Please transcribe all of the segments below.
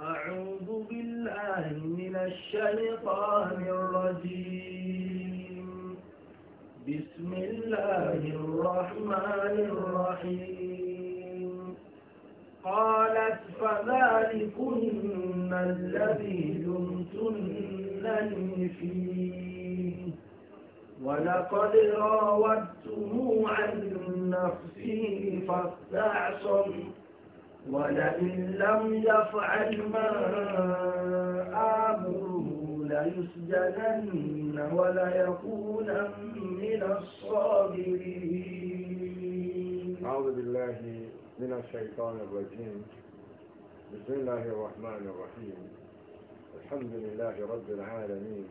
أعوذ بالله من الشيطان الرجيم بسم الله الرحمن الرحيم قالت فذلكن الذي لمتنني فيه ولقد راودته عن نفسه فاستعصم ولئن لم يفعل ما آمره ليسجنن وليكونن من الصابرين أعوذ بالله من الشيطان الرجيم بسم الله الرحمن الرحيم الحمد لله رب العالمين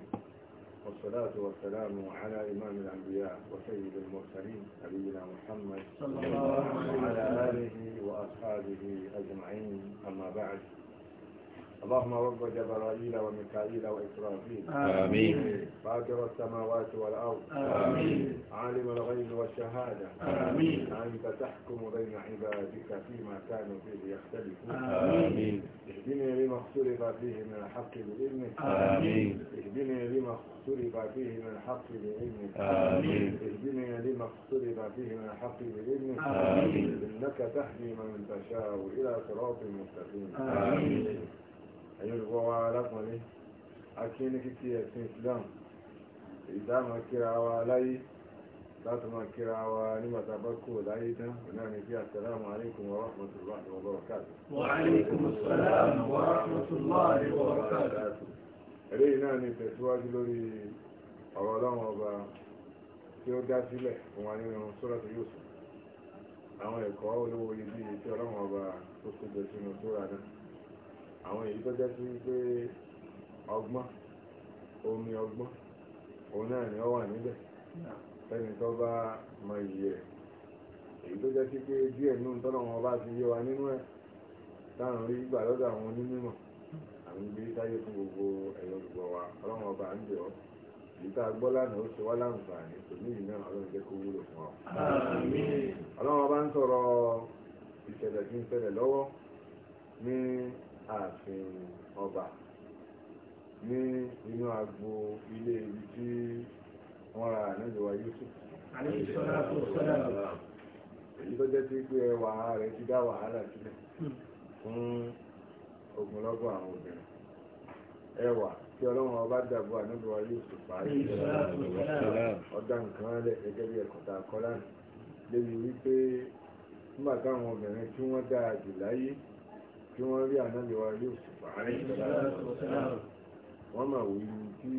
والصلاة والسلام على إمام الأنبياء وسيد المرسلين نبينا محمد صلى الله عليه وعلى آله وأصحابه أجمعين أما بعد اللهم رب جبرائيل وميكائيل وإسرافيل آمين فاطر السماوات والأرض آمين عالم الغيب والشهادة آمين أنت تحكم بين عبادك فيما كانوا فيه يختلفون آمين اهدني لما اختلف فيه من الحق بإذنك آمين اهدني لما اختلف فيه من الحق بإذنك آمين اهدني لما اختلف فيه من الحق بإذنك آمين إنك تهدي من تشاء إلى صراط مستقيم آمين ẹ̀yìn olùkọ́ wa alákùnrin akí ní kíkí ẹ̀sìn Islam èyí tá máa kíra wa láyé láti máa kíra wa nígbà tá a bá kú láyé tán ọ̀nà ní kí assalamu alaikum wa rahmatullahi wa barakatuh. wa alaikum assalam wa rahmatullahi wa barakatuh. eléyìí náà ni tẹ̀síwájú lórí ọ̀rọ̀ ọlọ́run ọba tí ó dá sílẹ̀ fún wa nínú Suratu Yusuf àwọn ẹ̀kọ́ olówó ibi tí ọlọ́run ọba tó kó jẹ sínú sóra náà àwọn èyí tó jẹ́ sí pé ọgbọ́n omi ọgbọ́n òun náà ni ó wà níbẹ̀ lẹ́ni tó bá mọ iyì rẹ̀ èyí tó jẹ́ sí pé díẹ̀ nínú tọ́nà wọn bá ti yé wa nínú ẹ̀ táwọn rí gbà lọ́dọ̀ àwọn onímọ̀ àwọn ibi táyé fún gbogbo ẹ̀yọ́ gbogbo wa ọlọ́run ọba ń bẹ̀ ọ́ èyí tá a gbọ́ lánàá ó ṣe wá láǹfààní kò ní ìná ọlọ́run jẹ́ kó wúlò fún ọ. ọlọ́run ọba ń sọ̀rọ̀ ìṣẹ̀lẹ̀ tí ń ṣẹlẹ̀ lọ́wọ́ ní ààfin ọba ní inú agbo ilé ibi tí wọ́n ra ànájọwà Yusuf èyí tó jẹ́ tí pé ẹwà rẹ̀ ti dá wàhálà sílẹ̀ hmm. fún ogunlọ́gọ̀ àwọn obìnrin ẹwà tí ọlọ́run ọba dàbò ànájọwà Yusuf parí ọ̀dà nǹkan lẹ̀ gẹ́gẹ́ bí ẹ̀kọ́ta kọ́lá débi wípé nígbà táwọn obìnrin tí wọ́n dáa jù láyé tí wọ́n rí ànábíwá yóò sùpá wọ́n máa wù ú tí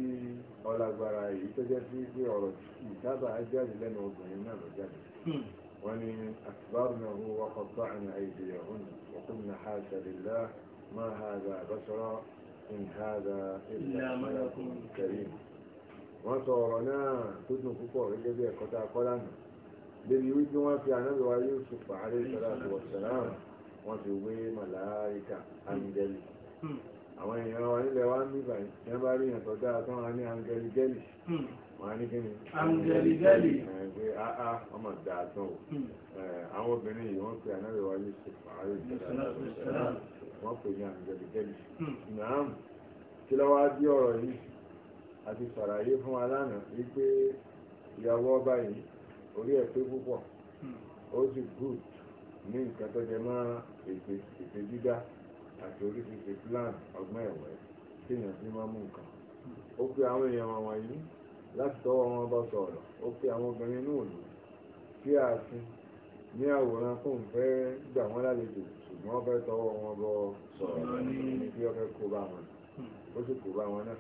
ọlágbára èyí tó jẹ́ sí pé ọ̀rọ̀ ìdábà jáde lẹ́nu obìnrin náà lọ jáde hmm. wọ́n ní àtìbárùn-ún wọ́kọ̀tọ́ àmì àìdìyàwónì وقلنا حاشا لله ما هذا بشرا إن هذا إلا ملك كريم wọ́n sọ ọ̀rọ̀ náà tó dùn púpọ̀ gẹ́gẹ́ bí ẹ̀kọ́ tá a kọ́ lánàá lébi wípé wọ́n fi ànábìwá yóò sùpà àrẹ́ ìṣẹ́lá àti wọ̀ṣẹ̀lá wọ́n ti wé màláìka áńgẹ́lì hmm. àwọn èèyàn wa nílẹ̀ wá ní ìbàyí tí wọ́n bá rí èèyàn tó dáa tán wọn ní áńgẹ́lì gẹ́lì hmm. wọ́n á ní kí ni áńgẹ́lì gẹ́lì pé áá wọ́n mọ̀ dáa tán o hmm. àwọn obìnrin yìí wọ́n pe ànábẹ̀ wa yìí ṣe pààrọ̀ ìṣẹ̀lẹ̀ wọ́n pè ní áńgẹ́lì gẹ́lì náà kí lọ́wọ́ á bí ọ̀rọ̀ yìí àti sàràyé fún wa lánàá wípé ìyàwó ọba yìí orí ẹ̀ pé púpọ̀ ó sì gùd ní nǹkan tó jẹ mọ́ ètè dídá àti oríṣiríṣi plan ọgbọ́n ẹ̀wẹ́ téèyàn fi máa mú nǹkan ó pe àwọn èèyàn wọ̀nyí láti tọwọ́ wọn bá sọ̀rọ̀ ó pe àwọn obìnrin náà lò sí ààfin ní àwòrán fún ìfẹ́ gbà wọ́n lálejò ṣùgbọ́n ó fẹ́ tọwọ́ wọn bọ sọ̀rọ̀ ní kí ó fẹ́ kó bá wọn ó sì kó bá wọn náà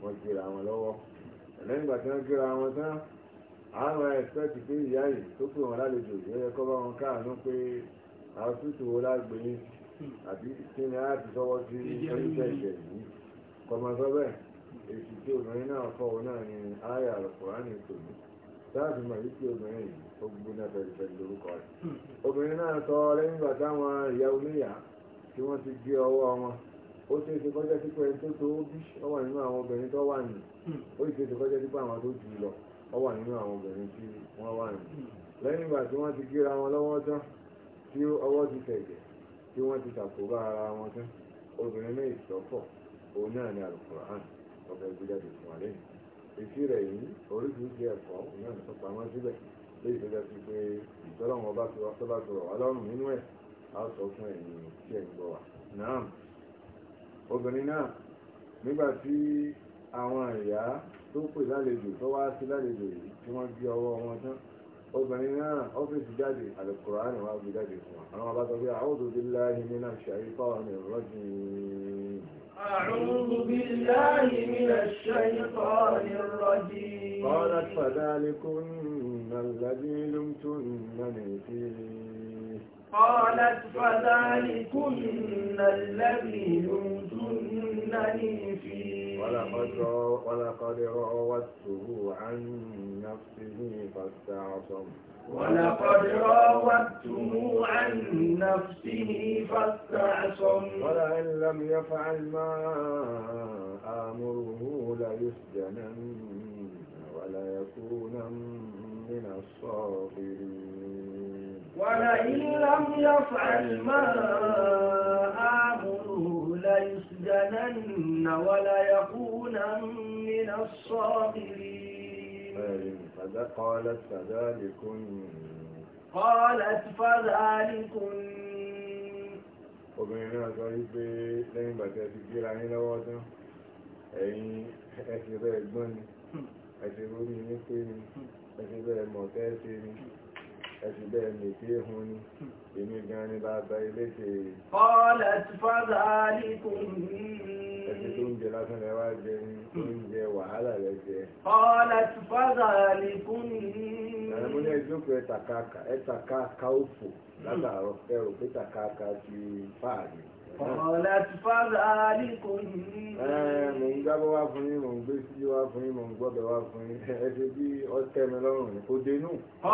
wọ́n gbéra wọn lọ́wọ́ lẹ́yìn ìgbà tí wọ́n gbéra wọn tán àwọn ẹ̀sẹ̀tì pé ìyá yìí tó pè wọn lálejò ìyẹ́yẹ kọ́ bá wọn káàánú pé àtúntò wo lágbè yín àbí kí ni a ti sọ́wọ́ sí oríṣẹ́ ìṣẹ̀ yìí kọmọsọ́ bẹ́ẹ̀ èsì tí obìnrin náà fọwọ́ náà ni àyà àlùkùránì tòmí láti mọ̀ wípé obìnrin yìí ó gbóná fẹ̀lifẹ̀li lórúkọ rẹ̀ obìnrin náà sọ lẹ́yìn ìgbà táwọn ìyá oníyà tí wọ́n ti gé ọwọ́ wọn ó ṣe é ṣe kọjá sí pé ẹni tó tó bí ọwọ́ nínú àwọn obìnrin tó wà nù hmm. ó ṣe é ṣe àwọn tó jù lọ ọ wà nínú àwọn obìnrin tí wọ́n wà ní lẹ́yìn ìgbà tí wọ́n ti gíra wọn lọ́wọ́ tán tí ọwọ́ ti tẹ̀jẹ̀ tí wọ́n ti tàkóbá ara wọn tán obìnrin náà ìsọ́fọ̀ òun náà ni alukur'an ọ̀fẹ́ gbéjáde fún wa lẹ́yìn èsì rẹ̀ yìí oríṣiríṣi ẹ̀kọ́ náà tó pamọ́ síbẹ̀ léyìí tó jẹ́ pé ìtọ́lọ́wọ́n bá ti wá tó sọ̀rọ̀ wá lọ́rùn nínú ẹ̀ á sọ fún ẹ̀yìn tí ẹ̀ ń gbọ́ náà obìnrin náà nígbà tí àwọn àyà tó pè lálejò tó wá sí lálejò yìí tí wọ́n gbé ọwọ́ wọn tán obìnrin náà ọ́fíìsì jáde àlùkùránì wá gbé jáde fún wa àwọn bá sọ pé a'udhu billahi minash shaytanir rajim. a'udhu billahi minash shaytanir rajim. qalat fadhalikunna alladhi lumtunnani fihi. قالت فذلكن الذي يمتنني فيه ولقد راودته عن نفسه فاستعصم ولقد راودته عن نفسه فاستعصم ولئن لم يفعل ما آمره ليسجنن وليكونن من الصاغرين ولئن لم يفعل ما آمره ليسجنن وليكونا من الصاغرين قالت فذلكن قالت فذلكن obìnrin náà sọ wípé lẹ́yìn bàtẹ́ ti gbéra ní lọ́wọ́ tán ẹ̀yìn ẹ̀sìn rẹ̀ gbọ́n ni ẹ̀sìn rẹ̀ ní pé ni ẹ̀sìn rẹ̀ mọ̀ tẹ́ ṣe ni ẹ̀sùn bẹ́ẹ̀ lè fi hun ni èmi gan ni bàbá eléṣe ọ̀lẹ̀ tí fọ́dà nìkún ẹ̀sùn tó ń jẹ lásán rẹ̀ wá jẹ ní oúnjẹ wàhálà rẹ̀ jẹ ọ̀lẹ̀ tí fọ́dà nìkún ní ẹjọ́kọ̀ Ọ̀làtí fáàlù àríkò yìí. Ẹ̀ẹ̀mì ìjábọ̀ wá fún yín, mò ń gbé sí wá fún yín, mò ń gbọ́dọ̀ wá fún yín. Ẹ ṣe bí ọtẹ mi lọ́rùn ní kó dénú.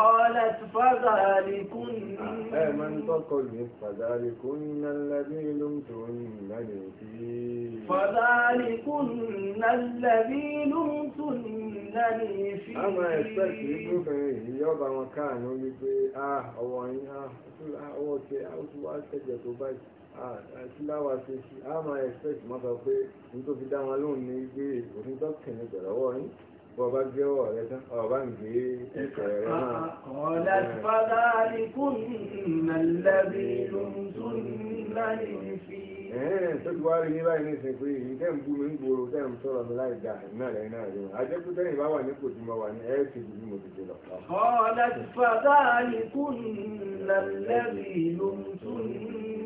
Ọ̀làtí fáàlù àríkò yìí. Ẹ máa ń tọ́kọ lù ní fàdáàlì kò ní nàlàbí ló ń tó ní ìlànà ìdí. Fàdáàlì kò ní nàlàbí ló ń tó ní ìlànà ìfì. A máa ẹ̀sẹ̀ sí gbóbìnrin yìí yọba wọn káàánú wípé ah, ọwọ́ yín ah, ọwọ́ ti wá ṣẹ̀jẹ̀ tó báyìí síláwà ah, ṣe sí a máa expect máa sọ pé n tó fi dá wọn lóhùn ní gbé òfin tó kẹ̀lé pẹ̀lọ́wọ́ yín bọ́ bá gbé ọwọ́ rẹ tán ọba ń gbé ẹ̀kọ́ rẹ náà. ọ̀la fada ikún nàlẹ́bí lóńtún láì fi. ẹ̀ẹ́n tó ti wá rí ní báyìí ní ìsìn pé èyí tẹ́ ń bú mi ń gbòòrò tẹ́ ń sọ̀rọ̀ mi láì dáa náà lẹ́yìn náà lẹ́yìn àjẹkù tẹ́yìn bá wà ní kò tí mo wà ní ẹ̀ẹ́sì ti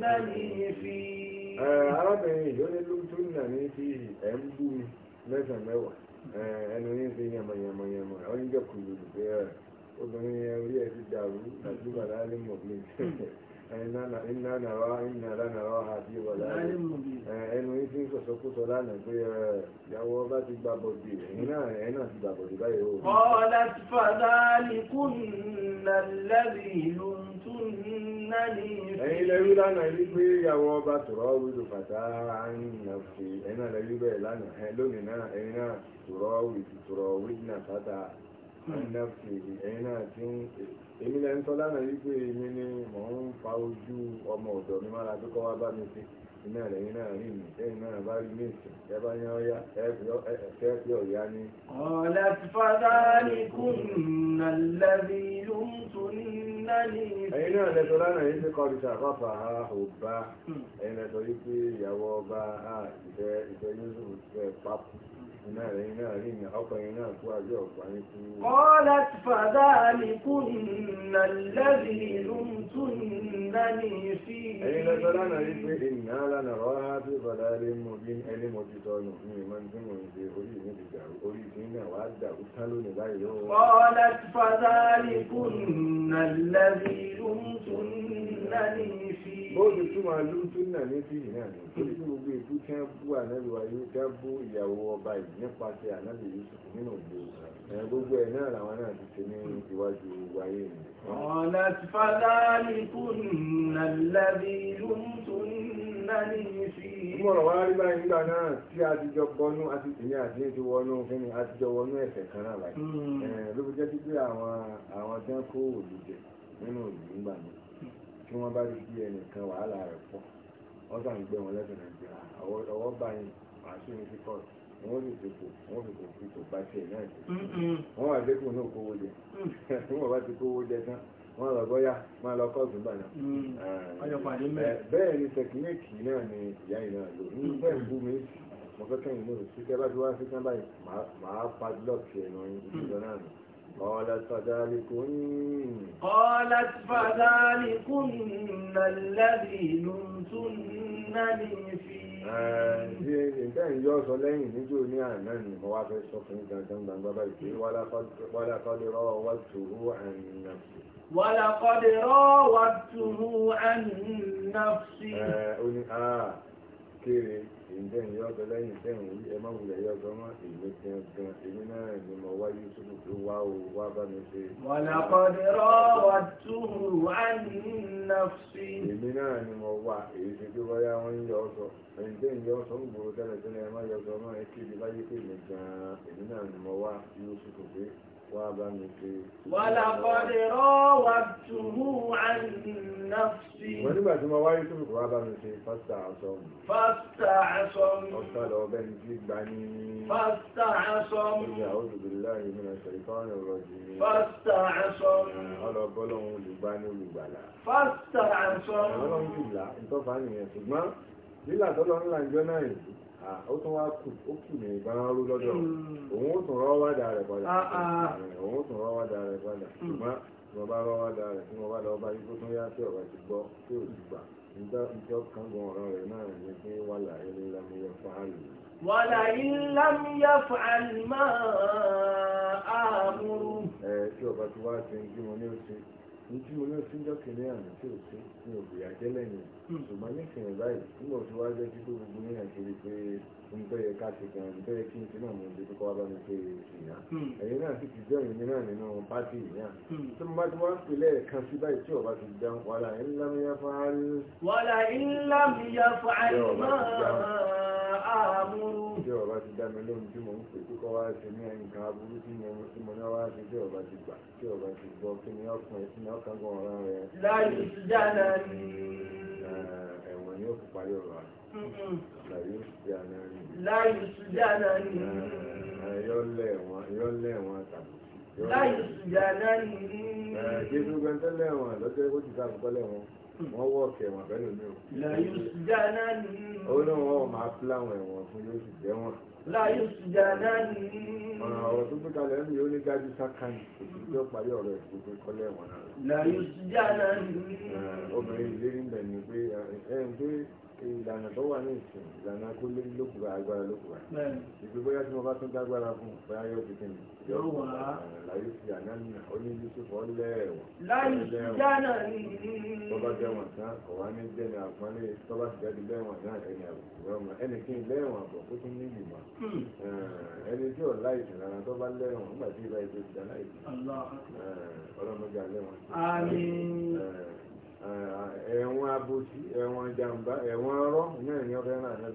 ní fi. onye yìí nna ní lójú nà ní fi ẹ̀ ń bú mi mẹ́sàn-án onye ẹnu yín fi yànmọ̀yànmọ̀yànmọ̀ ah, ti dàrú mọ̀ iná nàrá iná lánàrá àbí wọ̀lá ẹnu ife sọ̀sọ́kúsọ lánàá pé eh, ìyàwó bá ti gba bọ̀dì ẹ̀yìn náà ẹ̀yìn náà ti gba bọ̀dì báyìí o. ọ̀la ti fàdá ní kùnà lẹ́rì ìlú túnná ní ìfẹ́. ẹ̀yin lẹ́rú lánàá rí pé ìyàwó ọba tòrọ́ èmi lẹ́nu tọ́ lánàá wípé èmi ni mò ń fa ojú ọmọ ọ̀dọ̀ mi mára tó kọ́ wá bá mi ṣe iná lẹ́yìn náà rí mi lẹ́yìn náà bá rí mi sùn ẹ bá yán ọyá ẹ fi ọ̀yá ni. ọ̀la fada ní kùnà lẹ́bi ló ń tún náà náà lẹ́tọ́ lánàá yìí ti kọ́ ìta àpapà ha ò bá ẹ̀yin lẹ́tọ́ yìí pé ìyàwó ọba ìfẹ́ ìfẹ́ yóò قالت فذلكن ìnà lẹ́bí ìlúntúnnání sí ẹ̀yìn lọ́jọ́ lánàá rí pé ìnà lánàá rọ́ á bí bọ̀dá rí mú bí ẹni mọ̀ jù tọ́nù ní ìmọ̀ tí mo ń ṣe orí mi ti dàrú náà wá dàrú gbogbo èkú tí bú ànábì wáyé bú ìyàwó ọba yìí nípasẹ̀ ànábì Yusuf nínú òbí òkú gbogbo ẹ̀ náà làwọn náà ti ṣe ní ìwájú wáyé mi. ọ̀nà fàdáàlì kùn nàlẹ́bí náà ní sí. Mọ̀rọ̀ wá rí báyìí nígbà náà tí a ti jọ bọnú àti ìyá àti ètò wọnú fẹ́ni a ti jọ wọnú ẹ̀fẹ̀ kan náà láì. Hmm. Ló fi jẹ́ àwọn tí wọ́n kó nínú nígbà náà tí wọ́n bá wàhálà wọ́n lè tòkò wọ́n fi kò fi tò bá tiẹ̀ náà jù wọ́n wà lẹ́kùn náà kówó jẹ mm. wọ́n bá ti kówó jẹ tán wọ́n lọ bọ́yá wọ́n lọ kọ́ọ̀tù gbà náà bẹ́ẹ̀ ni tẹkiníìkì náà ni ìyá yìí náà lò ní mm. bẹ́ẹ̀ bú mi mo fẹ́ kẹ́yìn ní òsì kẹ́ bá ti wá sí kán báyìí màá padlọ́ọ̀kì ẹ̀nu mm. ìjọ náà nù قالت فذلكن قالت فذلكن الذي لمتنني فيه ìtẹ́yìn yọ sọ lẹ́yìn níjó ní àná ni mo wá fẹ́ sọ fún gangan gbangba báyìí pé wàlá rọ́ wà tòrú àìyànfẹ́. kéré ìdẹ́yìn yọ́dọ̀ lẹ́yìn ìdẹ́yìn yìí ẹ má wulẹ̀ yọ́dọ̀ mọ́ èmi gangan èmi náà ni mo wá yusuf tó wá o wá bá mi ṣe. wọ̀nàkọ́ni wá ní èmi náà ni wá èyí Wàlàkọ̀dé rọ́wà tùhú àìnàfsí. Wọ́n nígbà tí ma wáyé tó fi kọ̀wá bá mi ṣe fásità àṣọ́mù. Fásità àṣọ́mù. Ọ̀sán lọ bẹ́ ní tí gbà ní. Fásità àṣọ́mù. Ó yà ó dùbí mi lọ́sẹ̀ ìfọ́nà ọ̀rọ̀ jì Fásità àṣọ́mù. Ọlọ́gbọ́lọ́hun olùgbà ní olùgbàlà. Fásità àṣọ́mù. Ọlọ́run jùlá, ìtọ́fà nìyẹn ṣùgbọ́n lílà tó lọ ńlá ìjọ náà yìí ó tún wá kù ó kù ní ìbára rú lọ́dọ̀ hmm. òun ó tún rọ́wádà rẹ̀ padà ah, ah. Eh, òun ó tún rọ́wádà rẹ̀ padà hmm. ṣùgbọ́n tí wọ́n bá rọ́wádà rẹ̀ tí wọ́n bá lọ bá yíkó tún yá sí ọ̀rọ̀ ti gbọ́ tí ò ti gbà nígbà tí ó gan ọ̀rọ̀ rẹ̀ náà ní pé wà láyé ní lámúyẹ fún àlè. ولئن لم يفعل ما آمره. ẹ tí ọba tí wàá ṣe ń gbé wọn ní òsè ní tí wọn ní òsè ń jọ kìnìún àná tí òsè ní Hmm. ṣùgbọ́n nísìnyí báyìí nígbà tí wàá jẹ́ kí tó gbogbo ní nàìjíríà pé n tó yẹ ká ṣe gan-an tó yẹ kí n ti náà mú ibi tó kọ́ wá bá mi pé ìyá hmm. ẹ̀yin náà sì ti jẹ́ ìyẹn náà nínú pátì ìyá hmm. tó bá ti wá ń pilẹ̀ kan sí báyìí tí ọba ti dán wàhálà ńlá mi yá fáárí. wàhálà ńlá mi yá fáárí náà àmúrú. Tí ọba ti dá mi lóhun tí mò ń pè kíkọ́ wá ṣe ní nǹkan aburú tí mo tí mo náà wá ṣe tí ọba ti gbà tí ọba ti gbọ́ kí ni ọkàn ẹ̀sìn ọkàn gan rẹ̀. Láyé ẹ̀wọ̀n yóò fi parí ọ̀rọ̀ rẹ̀ láyé sùjánà ní yọ́lẹ̀ ẹ̀wọ̀n tàbí láyé sùjánà ní jésù gbẹ̀ntẹ́lẹ̀ ẹ̀wọ̀n lọ́jọ́ ó ti sáàbù kọ́lẹ̀ wọn wọ́n mm. wọ́ ọ̀kẹ́ ẹ̀wọ̀n pẹ̀lú mi ò láyé sùjánà ní ó ní wọn máa píláwọn ẹ̀wọ̀n fún yóò sì jẹ́ wọn láyé sùjánà ní ọ̀rọ̀ tó gbé kalẹ̀ ń yóò ní gájú sákàní òṣìṣẹ́ parí ọ̀rọ̀ ìgbógun kọ́lẹ̀ ẹ̀wọ̀n náà Làyùsí jáde. Obìnrin ìlérí ń bẹ̀ ni pé ẹ̀ ń pé ìlànà tó wà ní ìsìn ìlànà kó lé lókùnrin agbára lókùnrin ìgbé bóyá tí mo bá tún dágbára fún bóyá yóò fi kí ni yóò wà láyé sí ànánà ó ní yusuf ọlẹ́ẹ̀wọ̀n láyé jánà ní na jẹ́wọ̀n tán ọ̀wá ní jẹ́ni àpọ́nlé tọ́ba náà ẹni ẹni kí kó tún ní ìgbìmọ̀ hmm. ẹni tí Eh, ẹ̀wọ̀n abòsí ẹ̀wọ̀n jàǹbá ẹ̀wọ̀n ọ̀rọ̀ náà ni ọ̀fẹ́ náà náà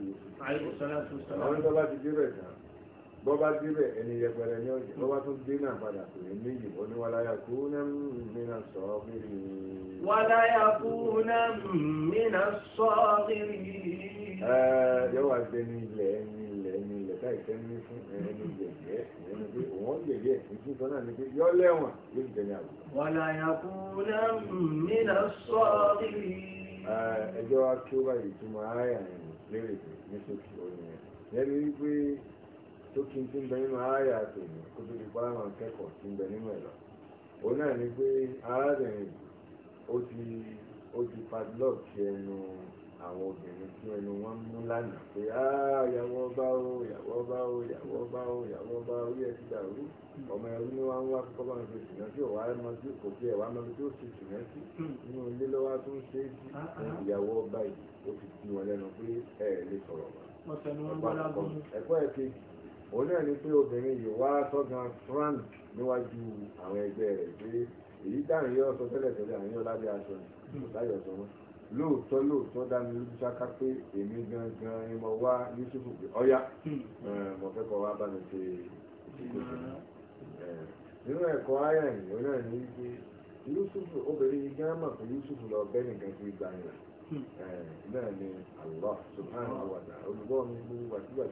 yóò fi àwọn tó bá ti débẹ̀ tán bọ́ bá débẹ̀ ẹni yẹpẹrẹ ní ọ̀jẹ̀ bọ́ tún dé náà padà kò ní méjì ó ní wàláyà kú náà sọ ọ́ pé ní. wàláyà kú náà mìíràn sọ ọ́ pé ní. ẹ yọ wà gbẹ ní ilẹ̀ ẹni ìfẹ́ ní fún ẹni yẹ̀yẹ́ ìyẹn pé òun yẹ̀yẹ́ ìfún kan náà ni pé yọ lẹ́wọ̀n yóò jẹ̀lẹ̀ àwùjọ. wọ́n àyà kú lẹ́mìnà sọ́ọ̀rì. ẹjọ́ wa kí ó bá yìí túmọ̀ lérè pé ní sókè orin yẹn. ìyẹn ni wípé sókè tí ń bẹ nínú aráyà tòun kó tó di pàrọ̀ akẹ́kọ̀ọ́ tí ń bẹ nínú ẹ̀ lọ. òun náà ni pé arábìnrin ó ti ó ti padlock ẹnu àwọn obìnrin tí ẹnu wọn mú lánàá pé yàwọ bá ó yàwọ bá ó yàwó bá ó yàwó bá ó yẹ ti dàrú ọmọ ẹrú ni wọn wá kọ́ bá ń ṣe ṣùgbọ́n tí òwá ẹ máa kò bí ẹ̀wá máa tó ṣe ṣùgbọ́n sí inú ilé lọ́wọ́ tó ń ṣe é sí ìyàwó ọba yìí ó fi di wọn lẹ́nu pé ẹ̀ lè sọ̀rọ̀ mọ́ ẹ̀kọ́ ẹ̀ kejì òun náà ni pé obìnrin yìí wá sọ́gan frank níwájú àwọn ẹgbẹ́ rẹ̀ pé èyí dáhùn yóò sọ tẹ́lẹ̀ tẹ́lẹ̀ àyín ọlábẹ́ aṣọ ni láyọ̀ sọ wọn lóòótọ́ lóòótọ́ dání lójú sáká pé èmi gangan ni mo wá Yusuf pé ọ̀yá eh, mo fẹ́ kọ́ wá bá mi ṣe ìdíkò ìdíkò eh, nínú ẹ̀kọ́ ayà ìyọ́ náà ní wípé Yusuf obìnrin yìí gán mọ̀ pé lọ bẹ́ẹ̀ nìkan ti gbà yàn náà ni Allah subhanahu wa ta'ala olùgbọ́ mi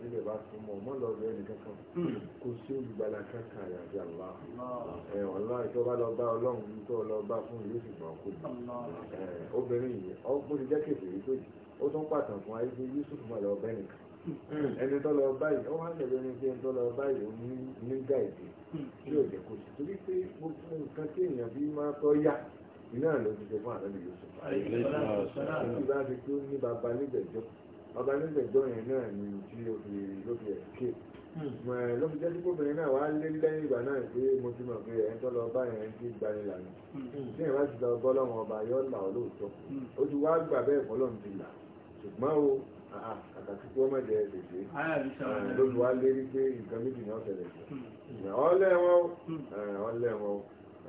tí lè bá fún mọ́ kò sí olùgbàlà kankan Allah ìtọ́ bá lọ bá ọlọ́run tó lọ bá fún obìnrin yìí ti jẹ́ tó yìí ó tún pàtàn fún ayé Yusuf lọ bẹ́ẹ̀ nìkan ẹni tó lọ báyìí ó ẹni iná ló ti ṣe fún àlọ́lẹ̀ yóò sùn. àti bá fi kú ní baba nígbẹ̀jọ́ baba nígbẹ̀jọ́ yẹn náà ni tí ló fi ló fi ẹ̀ké. mọ̀ ẹ́ ló fi jẹ́ sí kóbìnrin náà wá lé lẹ́yìn ìgbà náà pé mo ti mọ̀ pé ẹ̀ ń tọ́ lọ bá yẹn ti gba ni lànà. Hmm. tí ẹ̀ bá ti lọ bọ́ lọ́wọ́ ọba yọ là ọ́ lóòótọ́. Hmm. ó ti wá gbà bẹ́ẹ̀ fọ́ lọ́n ti là ṣùgbọ́n o àtàkì tí wọ́n mọ̀jẹ̀ lèdè lójú wa lérí pé nǹkan méjì náà ṣẹlẹ̀ sí hmm. ọ̀lẹ́ wọn ọ̀lẹ́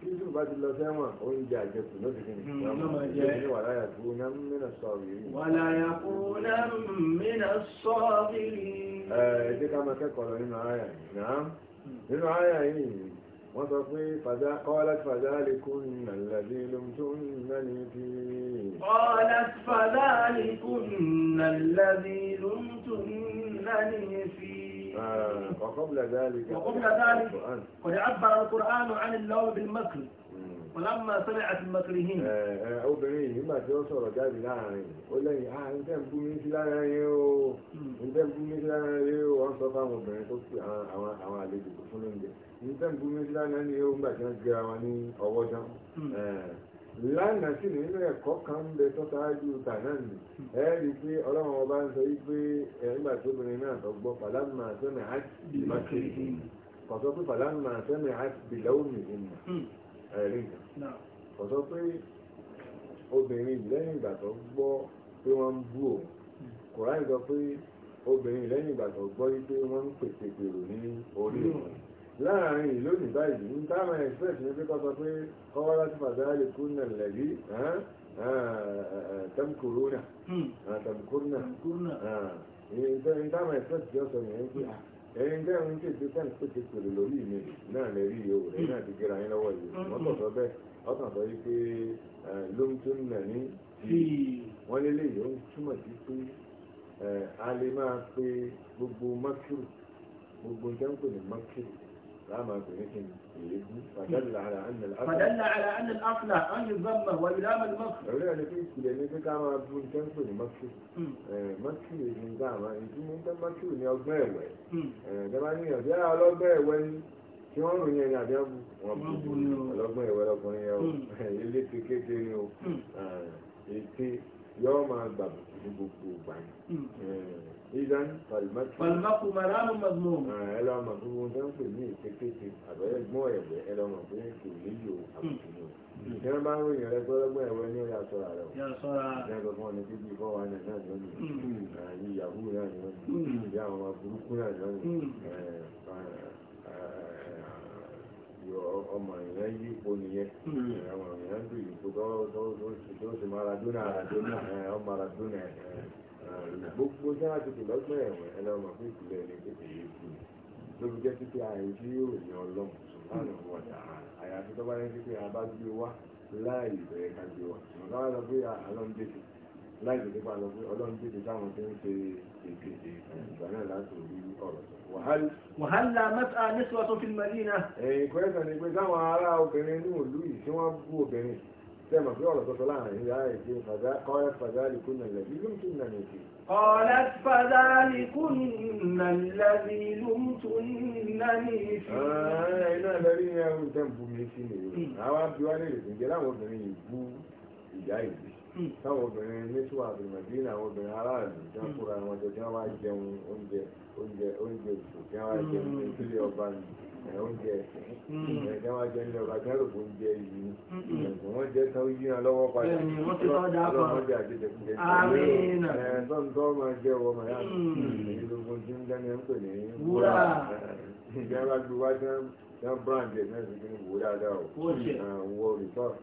tí yóò bá ti lọ sẹ́wọ̀n oúnjẹ àjẹkù ló ti kíni ìjọba wà láyà kú náà mìíràn sọ̀rọ̀ yìí. wà láyà kú náà mìíràn sọ̀rọ̀ yìí. ẹ ẹ ṣé ká máa kẹ́kọ̀ọ́ lọ nínú àyà yìí وقبل ذلك وقبل ذلك قد عبر القرآن عن اللوم بالمكر ولما سمعت المكرهين obìnrin yìí máa tí ó sọ̀rọ̀ jáde láàrin ó lẹ́yìn ah ń tẹ́ ń bú mi sí lára yẹn o ń tẹ́ ń bú mi sí lára yẹn o wọ́n sọ fáwọn obìnrin tó fi àwọn àwọn àlejò tó fún lóúnjẹ ń tẹ́ ń bú mi sí lára yẹn o ń gbà tí wọ́n gẹ́ra wọn ní ọwọ́ jọ. lánàá sí nínú ẹ̀kọ́ kan ń bẹ tó ṣáájú tànà nì ẹ rí i pé ọlọ́run ọba ń sọ wípé ẹ̀rígbà tó obìnrin náà tó gbọ́ pàlámà sẹ́mi àti ìmọ̀kejì kò pé pàlámà sẹ́mi àti ìlẹ́wọ̀n ìrìnà ẹ̀rí kò sọ pé obìnrin lẹ́yìn ìgbà tó gbọ́ pé wọ́n ń bú kò ráyè sọ pé obìnrin lẹ́yìn ìgbà tó gbọ́ wípé wọ́n láàrin ìlú ní báyìí ní táwọn express ní pé kọ́sọ pé kọ́wọ́ láti fàdáàlì kúnnà lẹ́bí hmm. tamkuruna tamkuruna ní táwọn express jọ sọ yẹn pé ẹ̀yin jẹ́ ohun tí èdè sáǹtì tó ti lórí mi náà lè rí iye òwúrẹ́ náà ti gẹ́ra yín lọ́wọ́ yìí hmm. wọ́n tọ̀ bẹ́ẹ̀ wọ́n sọ wípé lóhun tó ń nà ní wọ́n lé léyìí ó ń túmọ̀ sí pé a lè máa pe gbogbo mọ́kìrù gbogbo ń ń pè ní mọ́kìrù فدل على أن الأصل فدل على أن الأصل أن الضمة وإلام المفصل أولا أنا في كل في كما أقول كم كل مكسور مكسور من كما يجي من كم مكسور يا بيوة كما يجي يا الله بيوة tí wọ́n ròyìn ẹ̀yà àbí ọ̀bù wọn bú ọlọ́gbọ́n ìwé ọlọ́kùnrin yẹn o ilé kékeré o ète yóò máa gbàgbọ́ ní gbogbo ìgbà yìí. ìdán palimaku hmm. eh, maramu mazmu. Eh, ẹ lọ fún wọn tó ń ní ìkékèké àbẹ̀rẹ̀ gbọ́n ẹ̀gbẹ́ ẹ lọ mọ pé kò nílò àbùkù náà. tí wọ́n ròyìn rẹ gbọ́dọ̀gbọ́n ẹ̀wẹ́ ní ọ̀yà sọ́ra rẹ o. ní ẹgbẹ́ fún ọ̀nà bíbí ìfọ́ wa náà hmm. eh, náà lónìí. àyè yahoo náà lónìí. ìyá àwọn burúkú náà lónìí. ọmọ èèyàn yí ipò nìyẹn ọmọ èèyàn bí ipò tó ṣe máa Maradona Maradona ọmọ Maradona gbogbo tí ti pè lọ́gbọ̀n ẹ̀wọ̀n ẹ̀lọ́ ọmọ ìpìlẹ̀ ní ló fi jẹ́ títí ọlọ́run àyàfi yẹn títí bẹ̀rẹ̀ kájú wa ṣùgbọ́n lọ àlọ́ ń dé sí i. láì lè nípa lọ pé ọlọ́run tètè táwọn tó ń ṣe èkejì ìgbà náà láti rí ọ̀rọ̀ wàhálì. wàhálà mẹ́ta nísìwá tó fi Mẹ́dínà. ẹ̀yìn kọ́ẹ́sàn ni pé táwọn ará obìnrin inú ìlú yìí tí wọ́n bú obìnrin tẹ́mọ̀ pé ọ̀rọ̀ tọ́tọ́ láàrin ìyá ẹ̀ ṣe fàdáàlì kúnnà lẹ́bí lóòtún nà nìkì. nà nìkì. iná lẹ́rí ni ẹ̀rù hmm. tẹ́ bí wá lè rè ǹjẹ́ láwọn táwọn obìnrin nítorí àbìmọ̀dínà àwọn obìnrin aráàlú jẹ́ fúra wọn jọ jẹ́ jẹun oúnjẹ oúnjẹ oúnjẹ òkú jẹ́ wá jẹun nílé ọba oúnjẹ ẹ̀sìn jẹ́ hmm. wá jẹun nílé ọba jẹ́ rògbò oúnjẹ yìí hmm. ẹ̀sìn wọ́n jẹ́ lọ́wọ́ padà hmm. jẹ́ ń ẹ̀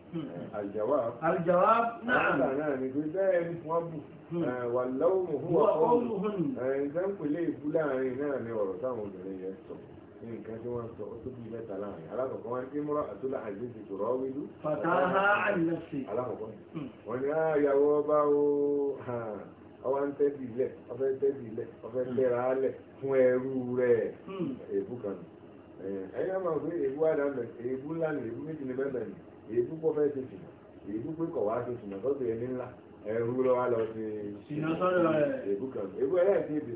الجواب الجواب نعم نعم يقول ده يعني فوابو واللوم هو قولهن إذن كل يفولا نعم ورسام الجنية يكتب nǹkan tí wọ́n sọ tó bí mẹ́ta láàrin alákọ̀ọ́kọ́ wọn ní múra àtúlà àìsíṣe tó rọ́wé ló. fàtàhà àìlẹ́sì. alákọ̀ọ́kọ́ wọn ni àyàwó hmm. ah, ọba o ọwọ́ ń tẹ́bi ilẹ̀ ọfẹ́ tẹ́bi ilẹ̀ ọfẹ́ hmm. tẹ́ra alẹ̀ fún ẹrú rẹ̀ hmm. èébú kan. ẹ̀yin á máa fi èébú àdàmẹ̀ èébú lánàá èébú méjì ní bẹ́ẹ̀ bẹ́ẹ̀ èyí fẹ́ ṣe jùlọ èyí kọ̀ wá ṣe jùlọ sọ́dọ̀ ẹni ńlá ẹ̀rú lọ wá lọ sí èbú ẹni tí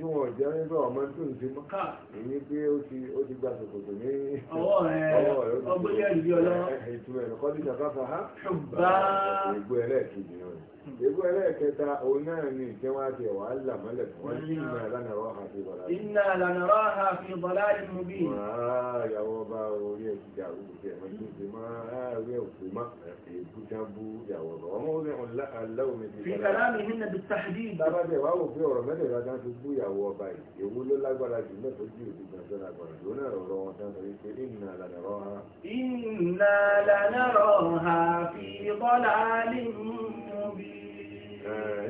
wọ́n jẹ́ ẹni tí ọmọ tó ń dín mọ́ pé ó ti gba sòkòtò ní ọwọ́ rẹ̀ ọgbẹ́yẹ̀ ìdí ọlọ́wọ́ ètò ẹ̀rọ kọ́ níta bá fa ha ṣùgbọ́n ìgbó Ìgbó ẹlẹ́ẹ̀kẹta òun náà ni ìjẹ́ wá ti ẹ̀wà ńlá mọ́lẹ̀ fún wọn ní ìmọ̀ ìlànà rọ́ha fi bọ̀lá. Iná ìlànà rọ́ha fi bọ̀lá ìmú bí. Ìyàwó ọba orí ẹ̀jì dàrú jẹ́ ẹ̀mọ́ tó ti máa rí òkú má èébú jábú ìyàwó ọba. Wọ́n mú ní aláwọ̀ mi ti bọ̀lá. Fi kàlámì nínú ibi tàbí. Bàbá bẹ̀ wá wò pé ọ̀rọ̀ mẹ́tẹ̀ẹ̀ta tán ti bú ìyàwó ọba yìí. Èwo ló lágbára jù mẹ́tọ́ jù òbí gbàgbọ́ lágbára. Ìwọ náà rọ̀rọ̀ wọn tán sọ wípé ìnà lànà rọ́ha. Ìnà lànà rọ̀ha fi bọ́lá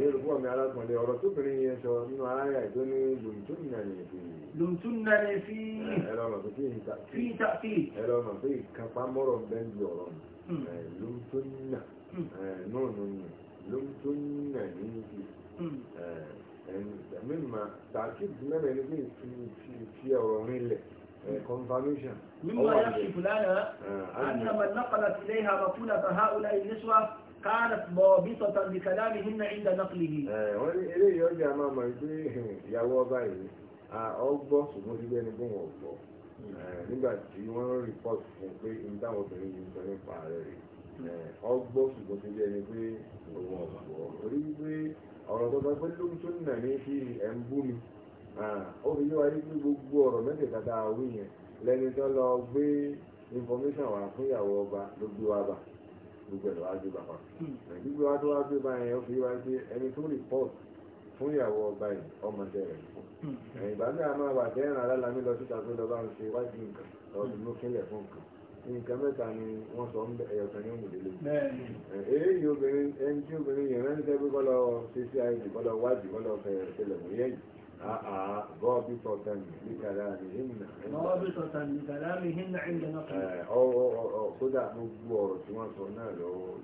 yorùbá mi alákùnrin ọ̀rọ̀ tóbìnrin yẹn sọ nínú aráyà ìjọ ní lùmtúnnà ní fi lùmtúnnà ní fi ẹlọ́mọ̀ tó fi ìtàkì ẹlọ́mọ̀ tó ìkápá mọ́rọ̀ bẹ́ẹ̀lú ọ̀rọ̀ lùmtúnnà náà nínú lùmtúnnà ní fi mímọ̀ tàkì mẹ́rin ní fi fi ọ̀rọ̀ rinlẹ̀ confirmation mímọ̀ yá kìfù lánàá أن من نقلت إليها مقولة هؤلاء النسوة كانت ضابطة لكلامهن عند نقله wọ́n ní eléyìí ọjà máa mọ̀ pé ìyàwó ọba yìí ọgbọ́ ṣùgbọ́n ti gbẹ́ni fún wọn ọ̀pọ̀ nígbà tí wọ́n ń rìpọ́t fún pé n táwọn obìnrin yìí ń sọ nípa rẹ̀ rẹ̀ ọgbọ́ ṣùgbọ́n ti gbẹ́ni pé òun ọ̀pọ̀ orí pé ọ̀rọ̀ tó bá pé lóun tó nà ní kí ẹ̀ ó fi yé wa pé gbogbo ọ̀rọ̀ mẹ́tẹ̀ẹ̀ta tá wí yẹn lẹ́ni tó lọ gbé information wà fún ìyàwó ọba ló gbé wa bá gbogbo ẹ̀rọ wájú bàbá gbogbo wájú wájú báyẹn ó fi wá sí ẹni tó rìpọ́t fún ìyàwó ọba yìí ọmọdé rẹ̀ fún hmm. ìgbà tí a máa wà dẹ́rìn alálàmí lọ síta tó lọ bá ń ṣe wájú nǹkan lọ́dún hmm. ló kílẹ̀ fún nǹkan nǹkan mẹ́ta ni wọ́n sọ ẹ̀yọ̀kan ní òmùdélé èyí obìnrin ẹni tí obìnrin yẹn ضابطة بكلامهن ضابطة بكلامهن عند نقل خدع مبور سوان صنع له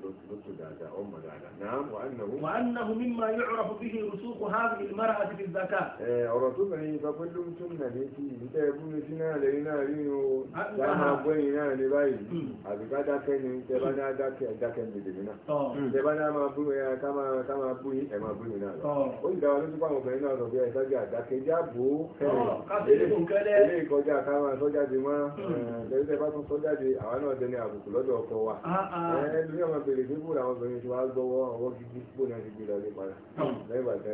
أم دعنا نعم وأنه وأنه مما يعرف به رسوخ هذه المرأة بالذكاء أرسوك أن يتقل سنة التي يتابون سنة لنا لينو لما بينا لباي أبي قد أكن تبنا دك دكن بدمنا تبنا ما بوي كما كما بوي ما بوي نال وإذا لم تكن بينا ربيع سجى ìdákẹ́jáàbò ilé ìkọjá káwọn sọ́jáde mọ́ hmm. lẹ́yìnlẹ́ bá tún sọ́jáde àwọn náà jẹ́ ní àbùkù lọ́dọ̀ ọkọ wa ah, ah. ẹni ọmọ bèrè pé bóòlù obìnrin tí gbọ́wọ́ ọwọ́ gidi náà ti gbé lọ hmm. lẹ́yìn bàtà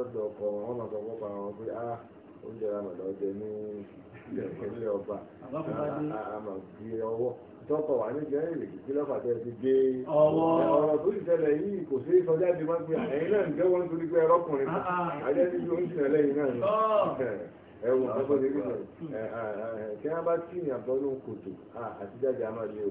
hmm. ọkọ wọn máa sọ pé ah oúnjẹ jẹ ní ilé ọba tọ́pọ̀ wà ní jẹ́ ìrìn kí lọ́pàá tẹ́ ti gbé ọ̀rọ̀ tó ìṣẹ̀lẹ̀ yìí kò sí sọjá di máa ń pè àyẹ́ náà ń jẹ́ wọ́n torí pé ẹrọ́kùnrin ajẹ́ tí ó ń ṣẹlẹ̀ lẹ́yìn náà ni ẹ̀wọ̀n àbọ̀ lè rí rẹ̀ kí wọ́n bá tí ìyàn bọ́ ló ń kòtò àti máa lé o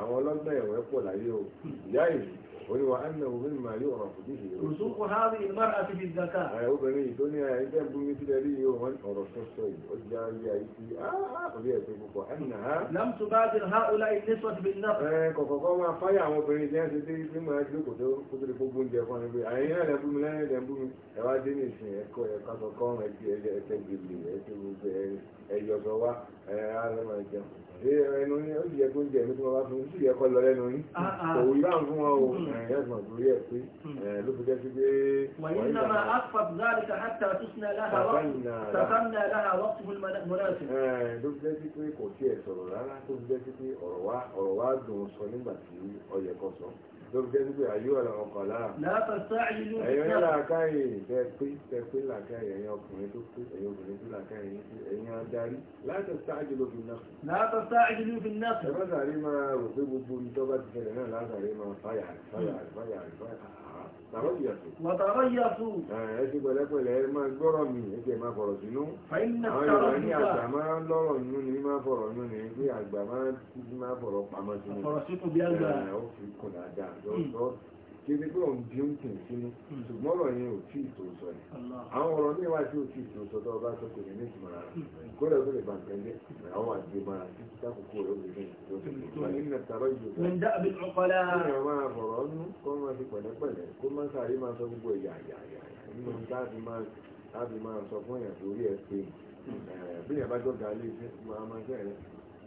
àwọn ọlọ́gbọ́n ẹ̀wọ̀n pọ̀ láyé o hmm. ìyá ìlú ولو أنه مما يعرف به رزق هذه المرأة في الزكاة أيوة بني دنيا إذا بمثل لي يوما ورسول الصيد وجاء يأتي آه قضية آه، تبقى أنها لم تبادر هؤلاء النسوة بالنقل أي كفقوما فيا وبني جان سيدي لما أجلو كتو كتو جفان بي أيها لبوم لا يدنبوم يوادني سيكو يقصقوم يتبقى لي يتبقى ẹ̀yọ̀gọ̀ wa ẹ̀rọ ẹ̀jẹ̀ ẹnu ní ó yẹ kó ń jẹ nípa wá fún sí ẹ̀kọ́ lọ lẹ́nu yín ah, ah. òwú ibà ń fún wọn o hmm. ẹ̀yọ̀gbọ̀n torí ẹ̀ pé hmm. ló fi jẹ́ sí pé wọ́n náà máa akpa zálìkà hátà túnṣìnà láhà wọ́pùnà láhà wọ́pùnà mọ́láṣì. ló fi jẹ́ sí pé kò ló fi jẹ́ pé àyú ọ̀rọ̀ ọ̀kọ̀lá ẹ̀yọ́ làákàyè tẹ pé làákàyè ẹ̀yìn ọkùnrin tó pé ẹ̀yìn obìnrin tó làákàyè ẹ̀yìn adarí látọ̀ sáájú fi náà. látọ̀ sáájú fi náà. Mọ̀tàrọ́yàtù. Ẹ ti pẹ̀lẹ́pẹ̀lẹ́ ẹ máa gbọ́rọ̀ mi, ẹ ti máa fọ̀rọ̀ sínú. Àwọn Yorùbá ní àgbà máa ń lọ́rọ̀ nínú ni máa fọ̀rọ̀ nínú ni pé àgbà máa ń fọ̀rọ̀ pamọ́ sínú. Fọ̀rọ̀ sínú bí kébí pé òun bí ń tì sínú hmm. ṣùgbọ́n ọ̀rọ̀ yẹn ò tí ì tó sọ ni àwọn ọ̀rọ̀ ní ìwádìí ò tí ì tó sọ tó ọba tó kò ní ní ìtumọ̀ rárá kódà tó lè bá tẹ̀lé àwọn àgbè máa ti sákòókò rẹ̀ ó lè ní ìtumọ̀ rẹ̀ nínú ìtàrọ̀ ìjọ tó ní ọmọ àbọ̀rọ̀ ọdún kó máa fi pẹ̀lẹ́pẹ̀lẹ́ kó má sáré máa sọ gbogbo ìyà ìyà ìyà nínú táàbì máa sọ fún ìyà torí ẹ pé hmm. bí ìyà bá jọ ga lé iṣẹ́ máa máa jẹ́ rẹ̀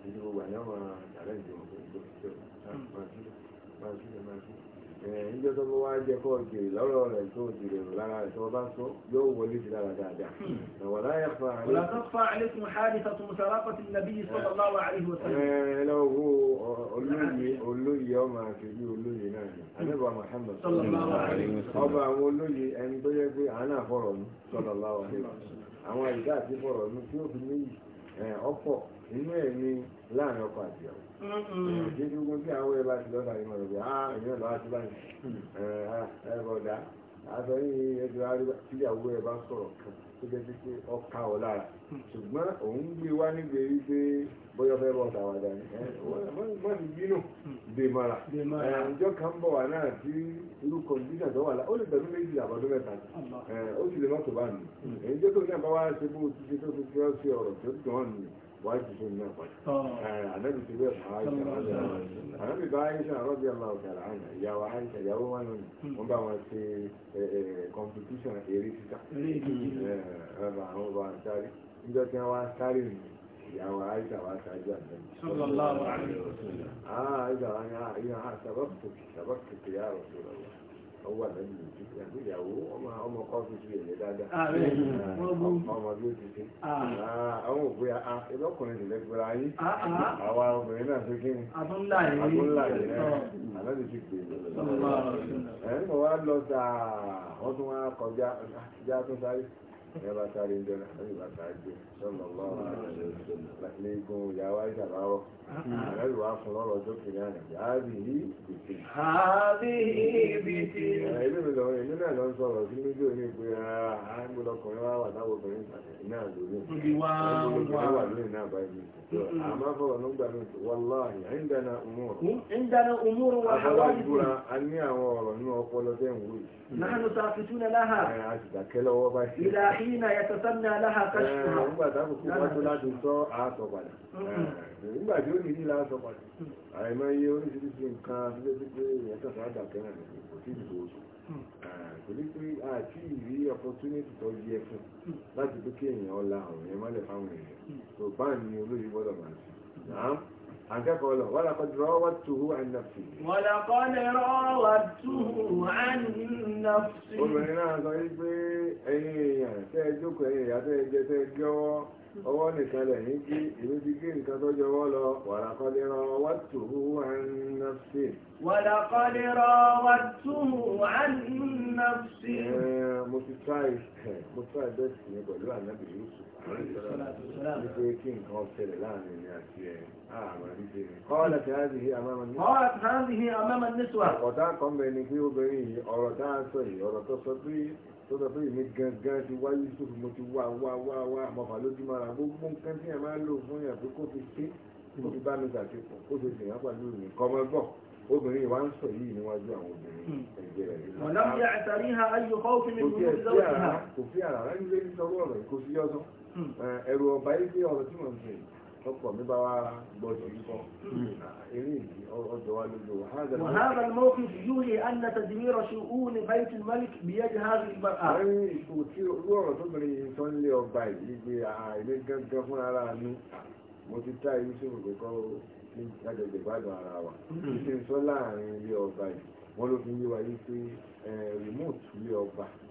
ìdí gbogbo àyàwó àdàrẹ́ ìjọba pẹ̀lú ìjọba máa sílẹ̀ máa sílẹ̀ máa sílẹ̀ Eh, níjọ́ tó bó wá jẹ́ kọ́ òkèrè lọ́rọ̀ rẹ̀ tó òkèrè lára rẹ̀ tó bá sọ yóò wọlé sí lára dáadáa hmm. wàlá yẹ fa àlẹ́. wàlá tó fa àlẹ́ wa sallam. Eh, ẹ lọ́wọ́ olóyè olóyè ọmọ àfẹ́jú olóyè náà ni anábà Muhammad sallallahu alaihi wa sallam. ọba wa nínú ẹ̀ ni láàrin ọkọ̀ àti ọ̀ ṣe tí gbogbo àwọn ti lọ́ta ìmọ̀ rẹ̀ ah èèyàn lọ́wọ́ ah, ti báyìí ẹ̀rọ̀dá aṣọ yìí ẹjọ́ àríwá tíyàwó ẹ̀ sọ̀rọ̀ kan tó jẹ́ sí pé ọkà ọ̀ lára mm. ṣùgbọ́n òun gbé wá nígbè rí pé bóyá fẹ́ bọ́ tàwàdà ni wọ́n ti bínú mm. dèmọ̀rà ìjọ kan bọ̀ náà tí irú kọ̀ǹdíṣà tó wà lá ó lè méjì sí ọ̀rọ̀ tó wájúbù náà pàdé ànábì ti bẹ́ẹ̀ fàá ìṣẹ́ ànábì bá Aisha rọ́bì aláwọ̀ tààrà àná ìyàwó Aisha ìyàwó wọn nù hmm. wọn bá wọn ṣe eh, eh, competition eré títà ẹ̀rọ hmm. eh, àwọn ọba sáré níjọ́ tí wọ́n sáré nù ìyàwó Aisha wa sáájú ànábì. Sallallahu alaihi wasallam. Ah, Aisha wa ni ìyá sábàkùtù sábàkùtù yà ọwọ́ àlẹ́bí lòdì àti ìyàwó ọmọ ọkọ fi ṣe èlé dáadáa ọmọ bí ó ti ṣe àwọn òpè àá ìlọ́kùnrin nílẹ̀ gbéra yín àwa obìnrin náà tó kíni àtúnláyé náà àlọ́dún ti pè é ẹ̀ ń bọ̀ wá lọ sáà wọ́n tún wá kọjá ìjà tó sáré. ẹ̀bá sáré ń jẹ́rẹ̀ ẹ̀bá sáré sọ́nà lọ́wọ́ ní igun ìyàwó ìṣàbáwọ̀ a ní hina yatasanna laha kashfuha. nígbà táwọn kú wájú láti sọ àásọ padà nígbà tí ó ní ní láásọ padà àìmọ iye oríṣiríṣi nǹkan lójú pé ìyẹn kàfà dàkẹ́ náà kò tí ì lòóṣù torí pé àti ìrí opportunity tó yẹ fún láti pé kí èèyàn ọ̀la àwọn èèyàn mọ́lẹ̀ fáwọn èèyàn tó bá ní olóyè gbọ́dọ̀ máa akẹ́kọ̀ọ́ lọ wọ́n lọ́kọ́ dúró wọ́n tuhu ànàfsì. wọ́n lọ́kọ́ dúró wọ́n tuhu ànàfsì. obìnrin náà sọ wípé ẹ̀yin èèyàn tẹ́ ẹ jókòó ẹ̀yin èèyàn tẹ́ ẹ jẹ tẹ́ ẹ gẹ́wọ́ ọwọ́ nìkan lẹ́yìn kí ìlú ti gé nǹkan tó jọwọ́ lọ wọ́n lọ́kọ́ dúró mo ti try mo try best pẹ̀lú ànábì Yusuf. قالت هذه أمام النسوة قالت هذه أمام النسوة وتعقم بين في وبينه ọ̀rọ̀ tá a sọ yìí ọ̀rọ̀ tó sọ pé tó sọ pé èmi gangan ti wáyé sófin mo ti wá wá wá wá mọ̀fà lójú mọ́ra gbogbo nǹkan tí ẹ̀ máa lò fún yàn pé kó fi ṣe kó fi bá mi ṣàṣepọ̀ kó fi ṣèyàn pẹ̀lú mi kọ́mọ́gbọ̀n obìnrin wa ń sọ yìí níwájú àwọn obìnrin ẹgbẹ́ rẹ̀ nínú ọ̀la. ọ̀la ń yà àtàrí ha ayò kọ́ òfin mi kò fi àrà rẹ̀ ń lé nítorí ọ̀rọ̀ ìkòsíyọ́sán. Hmm. Eh, ẹ̀rù ọ̀bá yìí pé ọ̀rọ̀ tí mo ń sè ọkọ̀ mi bá wá gbọ́ sí ikọ́ hmm. ah, eré ìdí ọjọ́ wa lójú wa. وهذا الموقف يولي أن تدمير شؤون بيت الملك بيد هذه المرأة. àwọn ìṣòwò tí olú ọ̀rọ̀ tó bẹ̀rẹ̀ yìí ń lé yìí gbé ah, gángan fún ara mi mo ti tá ìlú sí òkè kọ́ ní ara hmm.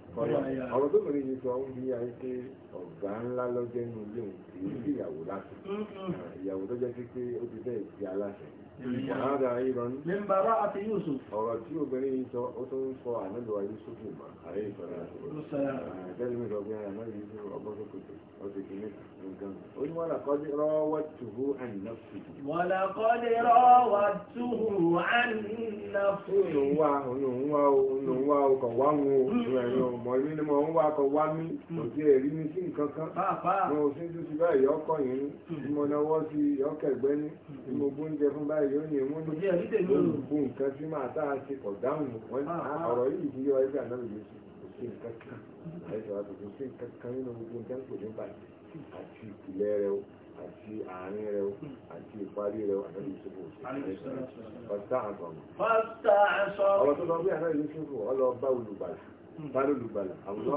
ọ̀rọ̀ tó kìí yìí sọ ó bí ayé pé ọ̀gá ńlá lọ́jẹ́ nínú ilé òun kì í sí ìyàwó láti mm-hmm. ìyàwó tó sí pé ó ti bẹ́ẹ̀ di aláṣẹ هذا أيضا من براءة يوسف ọ̀rọ̀tí obìnrin yìí sọ ó tó ń sọ àmẹ́lùwà yusuf ma ààrẹ ìfẹ́ra tẹ́lẹ̀mí lọ́gbẹ́ àmẹ́lù yusuf ọgbọ́n tó kùtù ọdún kìíní nǹkan ó ní wọ́n kọ́ rọ́wọ́ tuhu àn nafsi. wọ́n kọ́ rọ́wọ́ tuhu àn nafsi. òun wá òun wá òun wá o kàn wá wọn o ìrìn ọmọ mi ni mo ń wá kàn wá mi mm. kò sí ẹ̀rí mi sí nǹkan kan mo sì tún ti báyìí ọkọ yìí ni mm. mo náwó sí ọkẹgbẹ́ ni mm. mo gbóúnjẹ fún báyìí yóò ní ewu ní olùkú nǹkan tí máa tá a ṣe kọ̀ dáhùn wọn ah, ah. ọ̀rọ̀ yìí ti yọ ẹgbẹ́ àná yìí kò sí nǹkan kan ẹ̀sọ́ àti kò sí nǹkan kan nínú gbogbo nǹkan kò ní bàjẹ́ àti ìpìlẹ̀ rẹ o àti àárín rẹ o àti ìparí rẹ o àná yìí ṣubú ọ̀sá àgbọ̀mọ̀. ọ̀rọ̀ tó lọ bí àná yìí ṣubú ọlọ bá olùgbàlà hmm. tá lólùgbàlà àwùjọ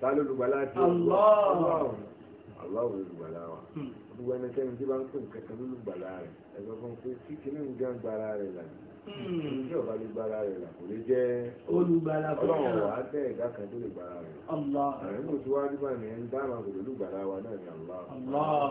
tá lólùgbàlà ti gbogbo ẹnikẹ́ni tí bá ń pè kẹta lólu gbàlá rẹ̀ ẹ̀sọ́ fún pé kí kìíní ń gán gbàlá rẹ̀ là ní hmm. ọba lè gbàlá rẹ̀ là kò lè jẹ́ olùgbàlá kò lọ́wọ́ wà á tẹ́ ẹ̀dá kan tó lè gbàlá rẹ̀ àwọn ẹ̀mọ́ tí wàá bá mi ẹ̀ dáhùn àgùdọ̀ lùgbàlá wa náà ní àlọ́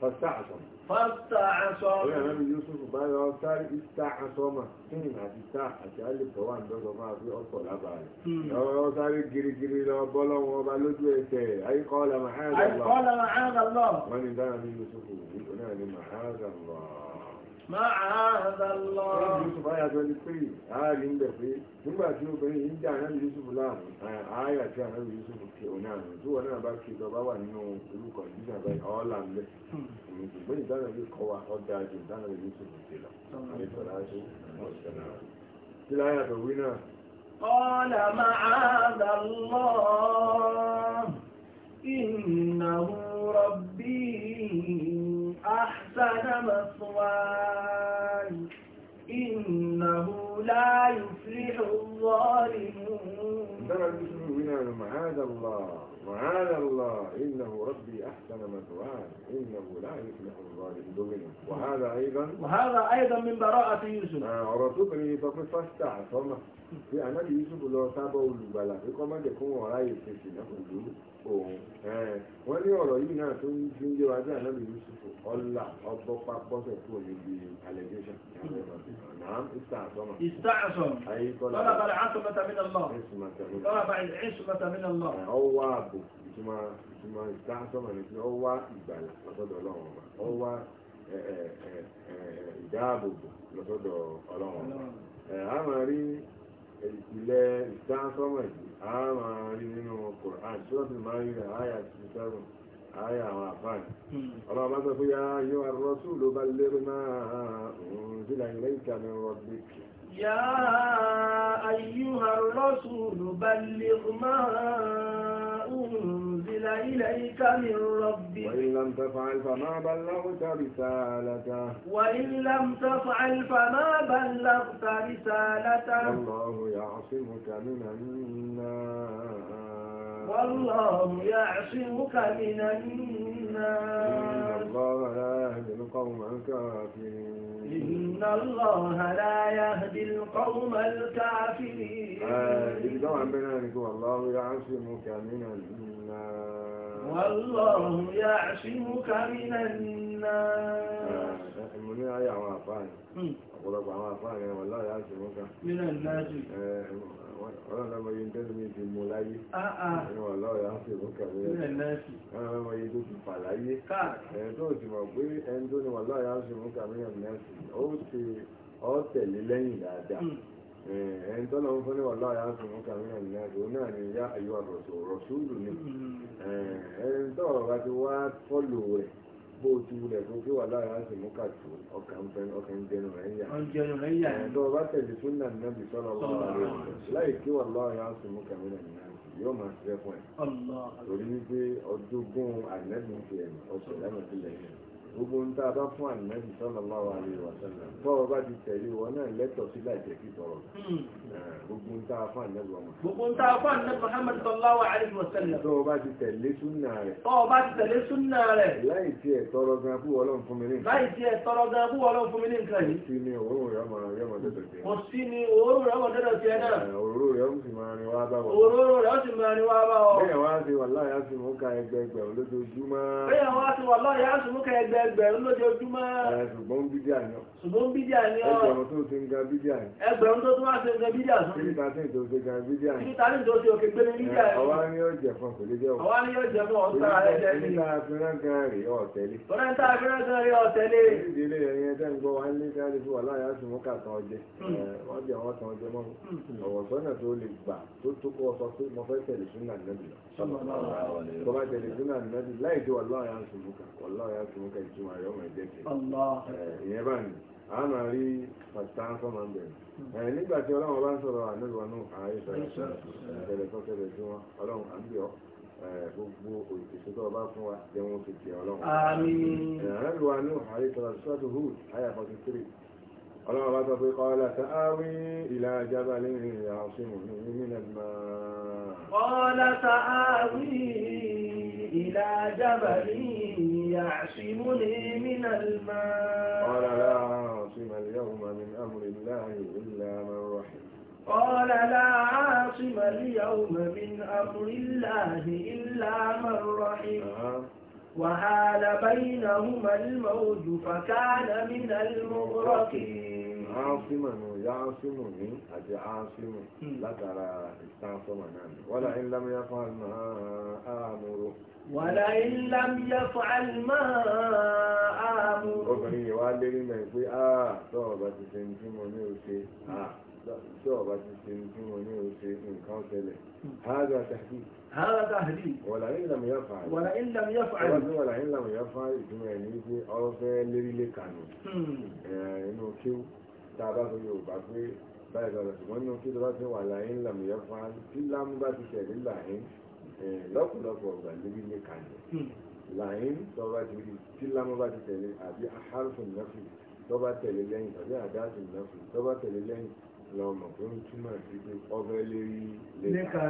fàstàṣọ́mà fàstàṣọ́mà ó yà mẹ́rin Yusuf bá yọ sáré ìstàṣọ́mà kíni àti tá àti alìkọ́ wà nítọ́sọ máa fi ọ̀pọ̀ lábàárẹ̀ lọ́wọ́ sáré girigiri lọ bọ́lọ́wọ́ ọba lójú ẹsẹ̀ àyíkọ́lá màhàzà lọ wọ́n ni dáhà ní Yusuf òní náà ni màhàzà lọ́ọ̀ Yusuf ayà sọ ní pé ààrí ń bẹ̀ pé nígbà tí Yusuf قال معاذ الله إنه ربي أحسن مثواي إنه لا يفلح الظالمون ترى المسلمين معاذ الله معاذ الله إنه ربي أحسن مثواي إنه لا يفلح الظالمون وهذا أيضا وهذا أيضا من براءة يوسف أرسلني فاستعصم في أنا يوسف لو تابعوا البلاء فكما تكون وراء يفلح الظالمون òun wọ́n ní ọ̀rọ̀ yìí náà tó ń dún yé wájú ànábì yusufu ọ̀là ọgbọ́ pápọ́sẹ̀ kú òní di allegation náà ìsà àsọmọ. ìsà àsọmọ. ayé kọ́lá bá bàlẹ̀ àṣọ mẹ́ta mi nàlọ́. ẹ̀sùn mẹ́ta mi nàlọ́. bàbá bàlẹ̀ ẹ̀sùn mẹ́ta mi nàlọ́. ìsà àsọmọ ni ọwọ́ ìgbàlà lọ́sọ̀dọ̀ ọlọ́run ọba ọwọ́ ìdáàbòbò lọ́sọ̀dọ̀ ọlọ́run ọba ìpìlẹ̀ ìtànsọ́mọ̀ yìí a máa rí nínú Qur'an ṣọ́ọ̀tì máa rí àyà ti sẹ́wọ̀n àyà àwọn àfáàní hmm. ọlọ́ọ̀bá sọ pé yá yóò arọ́sù ló bá lérò náà òun sílẹ̀ ilé ìkàmì rọ̀bìkì يا أيها الرسول بلغ ما أنزل أنزل إليك من ربي وإن لم تفعل فما بلغت رسالته وإن لم تفعل فما بلغت رسالته الله يعصمك من الناس والله يعصمك من إن الله لا يهدي القوم الكافرين إن الله لا يهدي القوم الكافرين آه، والله يعصمك من الناس والله يعصمك من الناس من أي عوافان ọ̀pọ̀lọpọ̀ àwọn àfáà rẹ̀ wọ̀ láàrín àti wọn kan. mílíọ̀n láàjì. ọlọ́lọ́mọ yìí tẹ́lẹ̀ mi ti mú láyé. Ah, ah. wọ̀ láàrín àti wọn kan. mílíọ̀n láàjì. ọlọ́lọ́mọ yìí tó ti fà láyé. tó o ti mọ̀ pé ẹni tó ní wọ̀ láàrín àti wọn kan mílíọ̀n láàjì ó ti ọ́ tẹ̀lé lẹ́yìn dáadáa. Hmm. ẹni tó fún ní wọ̀ láàrín àti wọn kan mílíọ̀n láàjì ó náà ní yá àyíwá rọ̀ṣù rọ̀ṣù lù ní. Hmm. ẹni tó bá ti wá fọ́lù rẹ̀ bó ti wulẹ̀ fún kí wà lára á sì mú kàtó ọkàn bẹnu ọkàn jẹnu rẹ̀ ń yà. ọjọ́nu rẹ̀ ń yà. ẹ̀dọ́ ọba tẹ̀lé súnà nàbì sọ́nà ọba rẹ̀ láì kí wà lára á sì mú kàmínà nínú àìsí yóò máa ṣe fún ẹ̀. torí wípé ọdún gún ànẹ́bí ti ẹ̀mí ọ̀sẹ̀ lẹ́nu sílẹ̀ yẹn gbogbo ń tá a fún ànínẹ́sì sallallahu alaihi wasallam tọ́wọ́ bá ti tẹ̀lé wọn náà lẹ́tọ̀ sí láìjẹ́ kí tọrọ hmm. gbogbo ń tá fún ànínẹ́sì wọn. gbogbo ń tá fún ànínẹ́sì Muhammad sallallahu alaihi wasallam. tọ́wọ́ bá ti tẹ̀lé súnà rẹ̀. tọ́wọ́ bá ti tẹ̀lé súnà rẹ̀. láì tí ẹ̀ tọrọ gan fún Ọlọ́run fún mi ní nǹkan. láì tí ẹ̀ tọrọ gan fún Ọlọ́run fún mi ní nǹkan yìí. ni òórùn rẹ̀ ọmọ rẹ̀ ọmọ dẹ́dọ̀ tiẹ̀ náà. Eh, òróró rẹ̀ ó sì máa rin wá bá wọ̀. òróró rẹ̀ ó ẹgbẹ̀rún lójoojúmọ́. ṣùgbọ́n bídí àná. ṣùgbọ́n bídí àná. ẹgbẹ̀rún tó ti ń ga bídí àná. ẹgbẹ̀rún tó tún wá ṣe ń ga bídí àná. kíkì tàbí tó ṣe ga bídí àná. kíkì tàbí tó ṣe òkè gbé ní bídí àná. ọwá ni yóò jẹ fún kò lè jẹ òun. ni yóò jẹ fún ọ̀sán ààrẹ jẹ ní. nígbà tí wọ́n gan rè ọ̀tẹ́lẹ̀. wọ́n ń ta àfihàn gan rè ọ̀tẹ́lẹ̀. ìdílé ẹ̀yin ẹ̀dá ń gbọ́ wá ní káàdì fún wàhálà yà sùn mọ́kà tán hmm. ọjẹ́ ìtumọ̀ rẹ̀ ọmọ ẹ̀jẹ̀ kì í ìyẹn báyìí a máa rí pakistan fọ́mà ń bẹ̀rẹ̀ nígbà tí ọlọ́run bá ń sọ̀rọ̀ àníwọ̀nú àìsàn ìṣẹ̀lẹ̀ tó ṣẹlẹ̀ sí wọn ọlọ́run à ń bí ọ gbogbo òṣìṣẹ́ tó bá fún wa jẹ́ wọn fi tẹ̀ ọlọ́run. àníwọ̀nú àìsàn ní إلى جبل يعصمني من الماء قال لا عاصم اليوم من أمر الله إلا من رحم قال لا عاصم اليوم من أمر الله إلا من رحم وهال نعم. وحال بينهما الموج فكان من المغرقين عاصما yáásímù ní àti áásímù látara ìtànfọ́mà náà ni wọ́lá in lam yaf'al ma amuru wọ́lá in lam yaf'al ma amuru obìnrin yìí wá lérí mẹ́ pé àà tọ́ọ̀bá ti ṣe tí mo ní oṣe àà tọ́ọ̀bá ti ṣe tí mo ní oṣe nǹkan ṣẹlẹ̀ هذا تهديد هذا تهديد ولئن لم يفعل ولئن لم يفعل ولئن لم يفعل ìtumọ̀ ẹni wípé ọ̀rọ̀ fẹ́ lérí lé kànú ẹ̀ẹ́nù kíw tá a bá fi Yorùbá pé báyìí lọ́dọ̀ ṣùgbọ́n nínú kí lọ́dọ̀ tí wà láyé ńlá mi yẹn fún tí lámú bá ti ṣẹ̀lẹ̀ láyín lọ́pọ̀lọpọ̀ ọ̀gbà níbi ní kàlẹ̀ láyín tọ́ba ti rí tí lámú bá ti tẹ̀lé àbí ahárùn nọ́fì tọ́ba tẹ̀lé lẹ́yìn tàbí àdáàtì nọ́fì tọ́ba tẹ̀lé lẹ́yìn lọ́mọ tó ń túmọ̀ sí pé ọbẹ̀ lérí lẹ́ka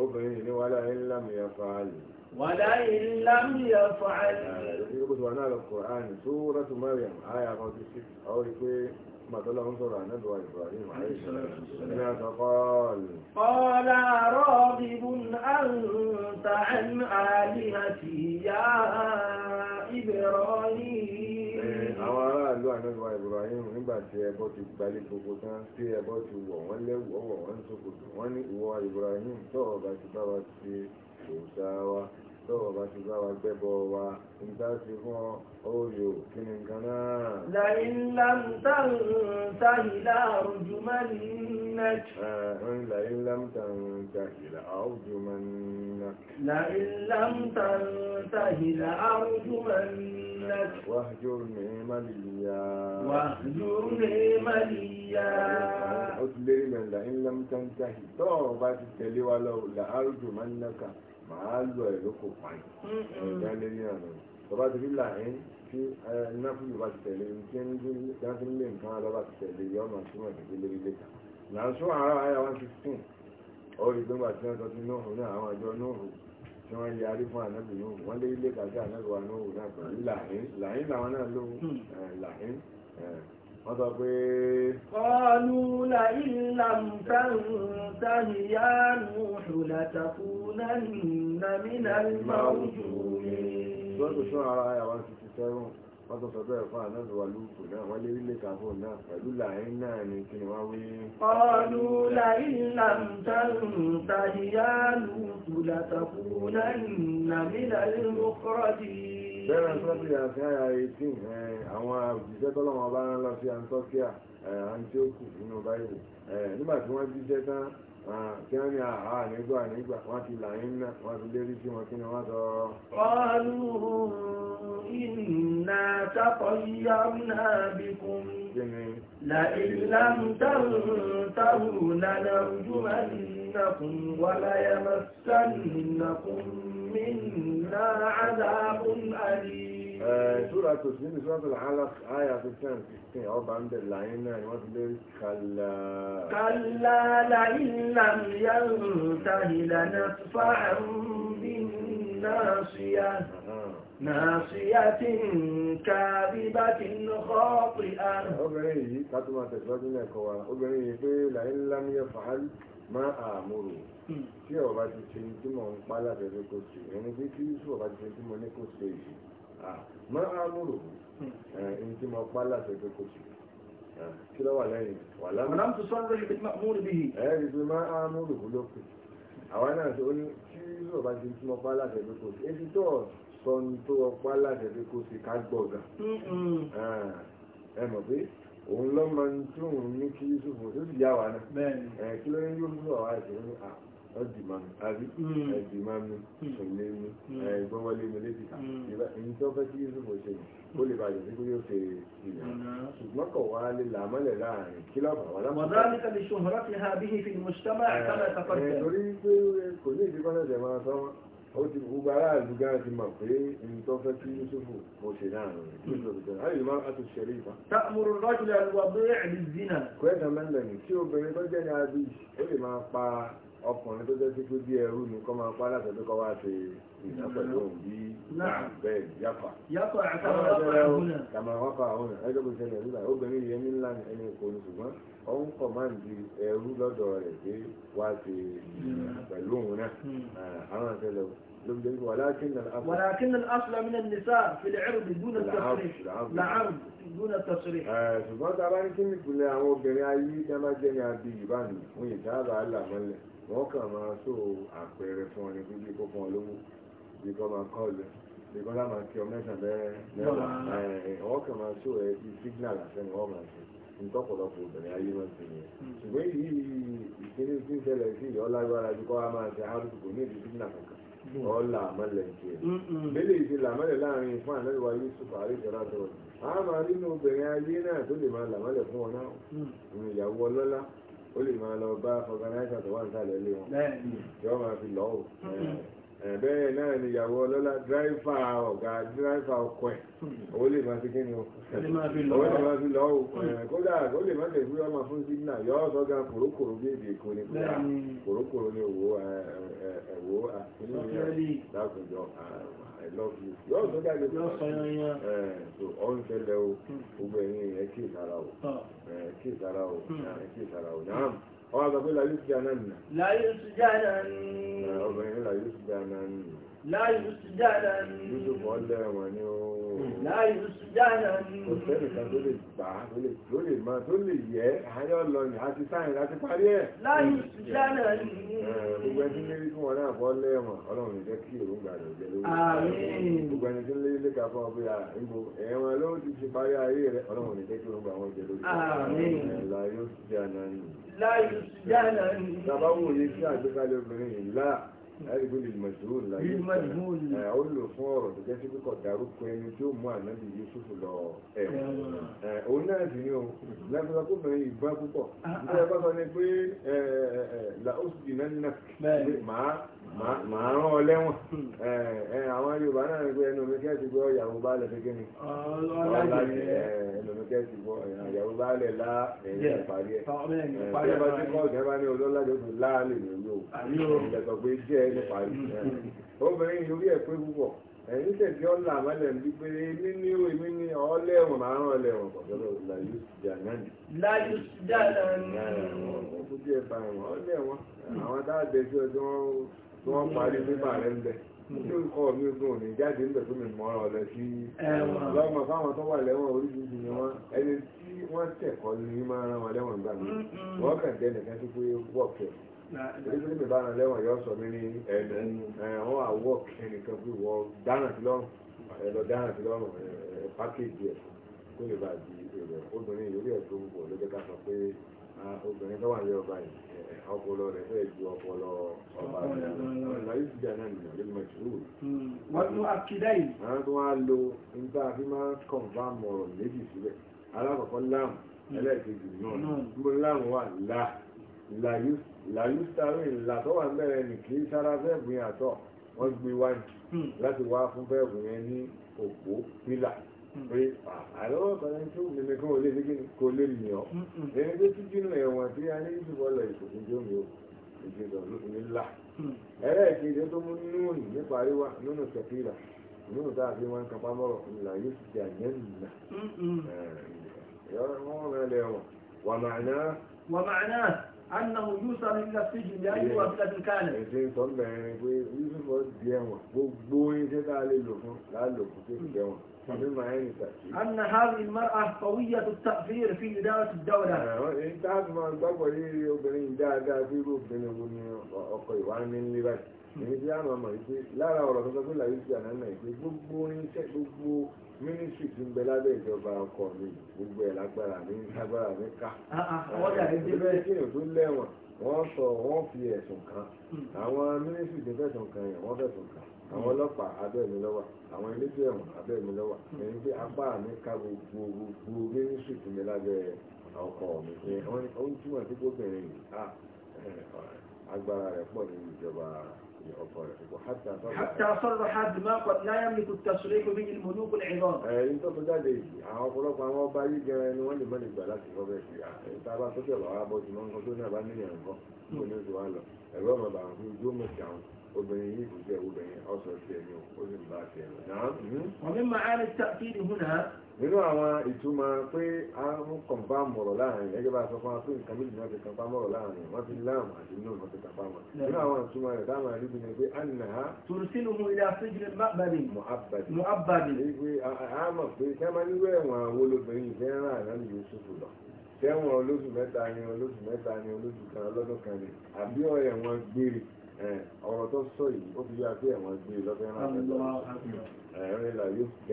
obìnrin ní wàhálà ńlá mi yẹn fún مريم ايه 46 او مثلا انظر عن ندوى إبراهيم عليه السلام قال قال راغب أنت عن آلهتي يا إبراهيم àwọn aráàlú ànágbà Ibrahim nígbà tí ẹbọ ti gbalé gbogbo tán tí ẹbọ ti wọ̀ wọ́n lẹ́wù ọwọ́ wọn sókòtò wọ́n ní ìwọ Ibrahim tó ọba ti bá wa ti òòṣà wa tọ́wọ̀ bá ti bá wa gbẹ́bọ̀ wa ń dá sí fún oòyò kí ni nǹkan náà. lẹ́yìn lámtàn tàhílà àrùjùmọ́nìyàn. lẹ́yìn lámtàn tàhílà àrùjùmọ́nìyàn. lẹ́yìn lámtàn tàhílà àrùjùmọ́nìyàn. wàhjúr ní màlìyà. wàhjúr ní màlìyà. ó ti lérí mẹ́rin màá lọ ẹ̀ lóko pààyàn ẹ̀ẹ́dá lé ní àná bàbá ti rí là ẹ́ tí náfúlù bá ti tẹ̀lé ní tí ń dún dáńtí ń lé nǹkan lọ́ba ti tẹ̀lé yọ ọmọ tí wọ́n ti lé ilé kan là ń sún ara àyà one sixteen ọ̀rọ̀ ìgbẹ́ngbà tí wọ́n tọ́jú nóòhùn náà àwọn àjọ nóòhùn tí wọ́n yẹ arí fún ànábì nóòhùn wọ́n lé ilé kàtí ànábì wa nóòhùn náà pẹ̀lú làyín làwọn náà lóhùn hmm. làyín wọ́n sọ pé. kọlu la ilam tantahi ya nuhu latakunanna minal mawjumin. lọ́dún sún ara ẹ̀ wá sí ti sẹ́wọ̀n wọ́n tó sọ bẹ́ẹ̀ fún àná ìwà lóòkù náà wọ́n lé rílé kàfó náà pẹ̀lú làárín náà ni kí ni wọ́n wí. kọlu la ilam tantahi ya nuhu latakunanna minal mukhrajin. bẹ́ẹ̀rẹ̀ sọ́bí àti àyà 18 àwọn òjíṣẹ́ tọ́lọ́wọ́ bá rán lọ sí Antiochia Antioch nínú báyìí nígbà tí wọ́n jíṣẹ́ tán kí wọ́n ní àhá nígbà nígbà ti là ń ná wọ́n ti lérí sí wọn kí ni wọ́n لنا عذاب أليم سورة تسليم سورة العلق آية 16 عقب عند العينة يوصل كلا كلا لئن لم ينته لنطفعا بالناصية ناصية كاذبة خاطئة obìnrin yìí ká tó máa tẹ̀síwájú ní ẹ̀kọ́ wa obìnrin yìí pé لئن لم يفعل má àmúrò hmm. tí ọba ti ṣe ní tí mò ń pa lábẹ́rẹ́ kò sí ẹni pé tí yusuf ọba ti ṣe tí mo ní kò sí èyí má àmúrò hmm. ẹni tí mo pa lábẹ́rẹ́ kò sí kí lọ́wọ́ lẹ́yìn wà lámú. ọ̀nà tó sọ́nà lórí pẹ̀lú àmúrò bíi. ẹ ẹ́ ìgbé má àmúrò kú ní tí yusuf ọba ti ṣe tí mo pa lábẹ́rẹ́ kò sí èyí tó sọ́n tó ọpa lábẹ́rẹ́ kò sí ká gbọ̀gà hmm, ẹ mọ̀ pé òun ló máa ń tún òun ní kí Yusufu tó sì yá wa náà ẹ̀ kí ló ní Yusufu àwa ìṣẹ́ ní à ọdì máa mi àbí hmm. ẹ̀dì máa mi ṣòlè hmm. mi hmm. ìgbọ́wọ́lé mi lébi ká èyí tó fẹ́ kí Yusufu ṣe yìí ó lè bàjẹ́ sí pé yóò ṣe ìlà ṣùgbọ́n kò wá lè là mọ́lẹ̀ láàrin kí lọ́pàá wà lápá. wàdá ní kàlí ṣòhùn láti ha bí ó ti gbogbo aráàlú gáà ti mọ̀ pé nǹkan fẹ́ kí Yusufu mo ṣe náà rẹ̀ ayé máa a tún ṣẹlẹ̀ ìfà. ta'muru ar-rajula al-wadi'a biz-zina. kwẹ́tà mẹ́lẹ̀mí tí obìnrin tó jẹ́ ní abí ó lè máa pa ọkùnrin tó jẹ́ sí pé bí ẹrú ni kọ́ máa pa láti ẹ̀dọ́kọ́ wá ṣe ìná òun bí bẹ́ẹ̀ yapa. yapa àtàwọn wákà àwọn ẹgbẹ́ ó ń pọ̀ máa ń di ẹrú lọ́dọ̀ rẹ̀ pé wá sí pẹ̀lú òun náà hmm. ah, àwọn àtẹlẹ lóbi ولكن الأصل ولكن الأصل من النساء في العرض دون التصريح العرض دون التصريح ṣùgbọ́n tá a bá ní kí nìkúlẹ̀ àwọn obìnrin ayé tá a máa jẹ́ ní abí ìbánu fún ìtaàbà àlàmọ́lẹ̀ wọ́n kàn máa sọ àpẹẹrẹ fún ọ ní fífi kó fún ọ ìtọ́pọ̀lọpọ̀ obìnrin ayé wọn ti yẹn hmm. ṣùgbọ́n yìí ìṣeré tí ń ṣẹlẹ̀ sí ọlágbára ju kọ́ a máa ṣe àrùn kò ní ìdíjú náà kankan hmm. ọ̀la àmọ́lẹ̀ ń tiẹ̀ hmm, bẹ́lẹ̀ ìṣe làmọ́lẹ̀ láàrin fún àlẹ́wà Yusuf àríṣọ́lá tó a máa nínú obìnrin ayé náà tó lè máa làmọ́lẹ̀ fún ọ náà ìyàwó ọlọ́lá ó lè máa lọ bá fọgànáìsà tó wà ń bẹ́ẹ̀ náà ni ìyàwó ọlọ́lá dráìfà ọ̀gá dráìfà ọkọ̀ ẹ̀ owó lè máa fi kí ni o owó lè máa fi lọ o kódà ó lè fi ọmọ fún sígínà yọ ọ̀sọ́ gan kòrókòrò bí èdè èkó ni kódà kòrókòrò ni òwò ẹ̀wò àfihàn lákòjọ I ń tẹ́lẹ̀ o hmm. gbogbo ẹ̀yìn ẹ̀ kí o ẹ̀ kí o hmm. ẹ̀ kí o náà. ọwọ́ àgbà pé láyé ìsìjà náà nìyà. láyé ìsìjà náà ní. obìnrin láyé ìsìjà náà ní. láyé ìsìjà náà ní. yusuf ọlẹ́wọ̀n ni ó láàyè oṣù jáàná ní. kò sẹ́ni kan tó lè gbà á tó lè tó lè mọ tó lè yẹ àárẹ̀ ọlọ́ni àti sáyẹn láti parí ẹ̀. láàyè oṣù jáàná ní. gbogbo ẹni tí ń lérí fún wọn náà bọ́ lẹ́wọ̀n ọlọ́run ìjẹ́ kí èròǹgbà rẹ̀ jẹ́ lórí. gbogbo ẹni tí ń lérí lẹ́ka fún ọ pé àìgbò ẹ̀wọ̀n ló ti ẹ̀rígbó bilmajhul la yóò ó lò fún ọ̀rọ̀ tó jẹ́ sí kíkọ̀ dárúkọ ẹni tí ó mú ànábì Yusuf lọ ẹ̀wọ̀n òun náà sì ni o lágbára kó bẹ̀rẹ̀ ìgbà púpọ̀ nígbà ah, ah. bá sọ ni pé laosi nana máa rán ọ lẹ́wọ̀n hmm. àwọn Yorùbá náà ni pé ẹnu mi kẹ́ẹ̀sì gbọ́ ìyàwó baálẹ̀ gẹ́gẹ́ ni ẹnu mi kẹ́ẹ̀sì gbọ́ ìyàwó baálẹ̀ lá ẹ̀yẹ ìparí ẹ̀ ẹ̀yẹ bá ti kọ́ ọ̀gá bá ní olólàjọ́ tó láàlè ní olóò ìjẹ̀sọ̀ pé jẹ́ ló parí mm, mm. obìnrin lórí ẹ̀ pé púpọ̀ ẹ̀yìn tẹ̀sí ọ̀là àmàlẹ̀ ń bí pé èmi ní o èmi ní ọlẹ́wọ̀n máa ń ọlẹ́wọ̀n pọ̀jọ́lọ́ láyé jàǹdì. láyé jàǹdì. ó jẹ́ bá wọn ọlẹ́wọ̀n àwọn dáàbẹ̀ sí ọjọ́ wọn parí pépà rẹ̀ ń bẹ̀ tí mm. ó kọ́ mi gùn ní jáde ń bẹ̀ tó mi mọ́ ọ lọ sí lọ́mọ fáwọn tó wà lẹ́wọ̀n oríṣiríṣi ni wọ́n ẹni tí wọ́n tẹ̀kọ́ ni máa rán wọn lẹ́wọ̀n gbà mí wọ́n kàn jẹ́ tó pé wọ́ọ̀kẹ́ nítorí mi bára lẹ́wọ̀n yóò sọ mí ní ẹ̀ẹ́dẹ́nu wọ́n wà wọ́ ẹnìkan bí dáná sí lọ́rùn ẹ̀lọ́ dáná sí lọ́rùn pákéjì ẹ̀ kó lè bá di èrò obìnrin yìí orí ẹ̀dùn bọ̀ ló ká sọ pé obìnrin tó wà ní ọba yìí ọpọlọ rẹ̀ fẹ́ ju ọpọlọ ọba rẹ̀ ọ̀nà yìí ti jà náà nìyàn lórí mọ̀ ìṣòro. wọ́n tún akídá yìí. àwọn tó wá lo nígbà tí máa ń kọ̀ǹfà mọ̀rọ̀ méjì síbẹ̀ alákọ̀ọ́kọ́ láàmù ẹlẹ́ẹ̀kejì náà níbo láàmù wà láà láà yóò làyú sáré ìlà tó wà bẹ̀rẹ̀ nì kì í sára fẹ́ẹ̀bù yẹn àtọ̀ wọ́n gbé wá ní láti wá fún fẹ́ẹ̀bù yẹn ní òpó pílà hmm. pé àlọ́wọ́ kan tó mímí kan ò lè ní kò lè mì ọ́ hmm, hmm. ẹni tó tún jìnnà ẹ̀wọ̀n tí a ní ìṣubọ̀ lọ ìṣòfin tó mi ò ìṣèjọ nílà ẹlẹ́ẹ̀kejì tó mú núùnì nípa àríwá nínú tẹ̀pílà nínú tá a fi wọn kápá mọ́rọ̀ ńlá yóò annahu yusuf ila sijin bi ayi wa bila tin kana e se so nbe ni pé yusuf o di ẹ̀wọ̀n gbogbo iṣẹ́ tá lè lò fún la lò fún se di ẹ̀wọ̀n أن هذه المرأة قوية التأثير في إدارة الدولة. أنت ما تقول لي obìnrin dáadáa في obìnrin wo ni ọkọ ìwà ní nílé báyìí. Èyí tí a máa mọ̀ yìí pé lára ọ̀rọ̀ tuntun tó láyé sí àná náà yìí pé gbogbo iṣẹ́ gbogbo mínísì tí ń bẹ lábẹ́ ìjọba ọkọ mi gbogbo ẹ̀ lágbára mi lágbára mi ká. Ah, ah, ah, wọ́n yà ní bẹ́ẹ̀. kí èèyàn tó lẹ́wọ̀n wọ́n sọ wọ́n fi ẹ̀sùn kan hmm. àwọn mínísì tí fẹ̀sùn kan yẹn wọ́n fẹ̀sùn kan àwọn hmm. ọlọ́pàá abẹ́ mi lọ́wọ́ àwọn elétò ẹ̀wọ̀n abẹ́ mi lọ́wọ́ èyí hmm. tí apá mi ká gbogbo gbogbo mínísì tí ń lábẹ́ ọkọ mi ó ń túmọ̀ sí gbóbìnrin yìí agbára rẹ̀ pọ̀ nínú ìjọba حتى صرح بما قد لا يملك التصريح به الملوك العظام. انت فدادي àwọn ọ̀pọ̀lọpọ̀ àwọn ọba yìí gan ni wọ́n lè mọ́ nígbà láti fọ́ bẹ́ẹ̀ sí à níta bá tó tẹ̀lọ́ àbọ̀ tí wọ́n ń kọ́ tó ní àbá nílẹ̀ nǹkan tó ní oṣù wa lọ ẹ̀rọ ọmọ bàbá fún ojú ọmọ sí àwọn obìnrin yìí kò jẹ́ obìnrin ọ̀sọ̀ sí ẹni ó sì ń bá ti ẹ̀rọ náà. máa ń ta kí ni hùnà. nínú àwọn ìtumọ̀ pé a ń kọ̀ǹpá mọ̀rọ̀ láàrin ẹgbẹ́ bá a sọ fún wa pé nǹkan méjì náà ti kọ̀ǹpá mọ̀rọ̀ láàrin wọ́n ti láàm àti nínú wọn ti kọ̀ǹpá wọn. nínú àwọn ìtumọ̀ rẹ̀ táwọn àríbi ni pé a nà á. tùrùsínú mu ilé afẹ́jìlẹ mọ́àbàdì. mọ́àbàdì. a mọ̀ pé kẹ́mà nílò ẹ̀wọ̀n àwọn olóbìnrin fẹ́ràn àná ni olóṣù mẹ́ta ni olóṣù kan lọ́dún kan ni àbí ọ̀rẹ́ ọ̀rọ̀ tó sọ yìí ó fi yá sí ẹ̀wọ̀n gbé e lọ́fẹ́ ránṣẹ́ ẹ̀rẹ́ ẹni hmm. hmm.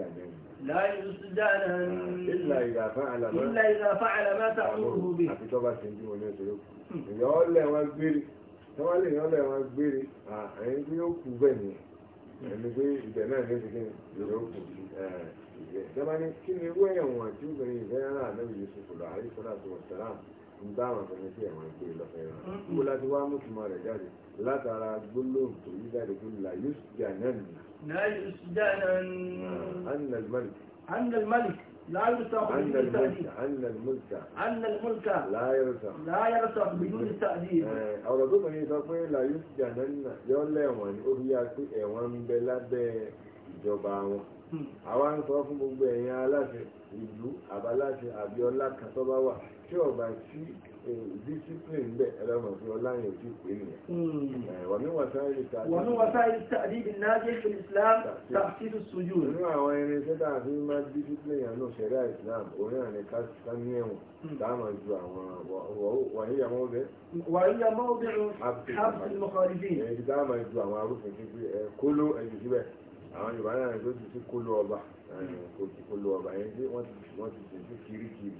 pé náà ní kí hmm. ní kí ni ẹ̀wọ̀n tí ìfẹ́ náà tó wọ̀ ń bá àwọn ọ̀sán sí ẹ̀wọ̀n ìgbé lọ́fẹ́ rẹ̀ kó láti wá mú túmọ̀ rẹ̀ jáde látara gbólóhùn tó yí jáde tó la yóò sì jà náà nì. náà لا يرتاح بدون أن الملك أن الملك لا يرتاح بدون التأديب ọ̀rọ̀ tó kàn yín sọ pé la yóò jà náà yọ lẹ́wọ̀n ní orí àti ẹ̀wọ̀n ń bẹ lábẹ́ ìjọba wọn hmm. àwa ń sọ fún gbogbo ẹ̀yin aláṣẹ ìlú àbáláṣẹ àbí kan tó wà tí ọba tí eh, discipline bẹ ẹlẹ́mọ̀ tí ọlá yẹn ti pè nìyẹn. Hmm. Eh, wà ní wasaili ta'dib. wà ní wasaili ta'dib an-naji fi islam ta'sir as nínú àwọn irinṣẹ́ tá a fi máa discipline yẹn náà ṣẹ̀dá islam orí àná ká ní ẹ̀wọ̀n hmm. tá a máa ju àwọn wàhíyà mọ́ bẹ́ẹ̀. wàhíyà mọ́ bẹ́ẹ̀ ló habs al-mukhalifin. èyí eh, tá a máa ju àwọn arúfin kíkí kóló ẹ̀jù síbẹ̀ àwọn yorùbá náà ló ti ti eh, kó ọba kó ti kó ọba yẹn tí wọ́n ti wọ́n ti ti kiri kiri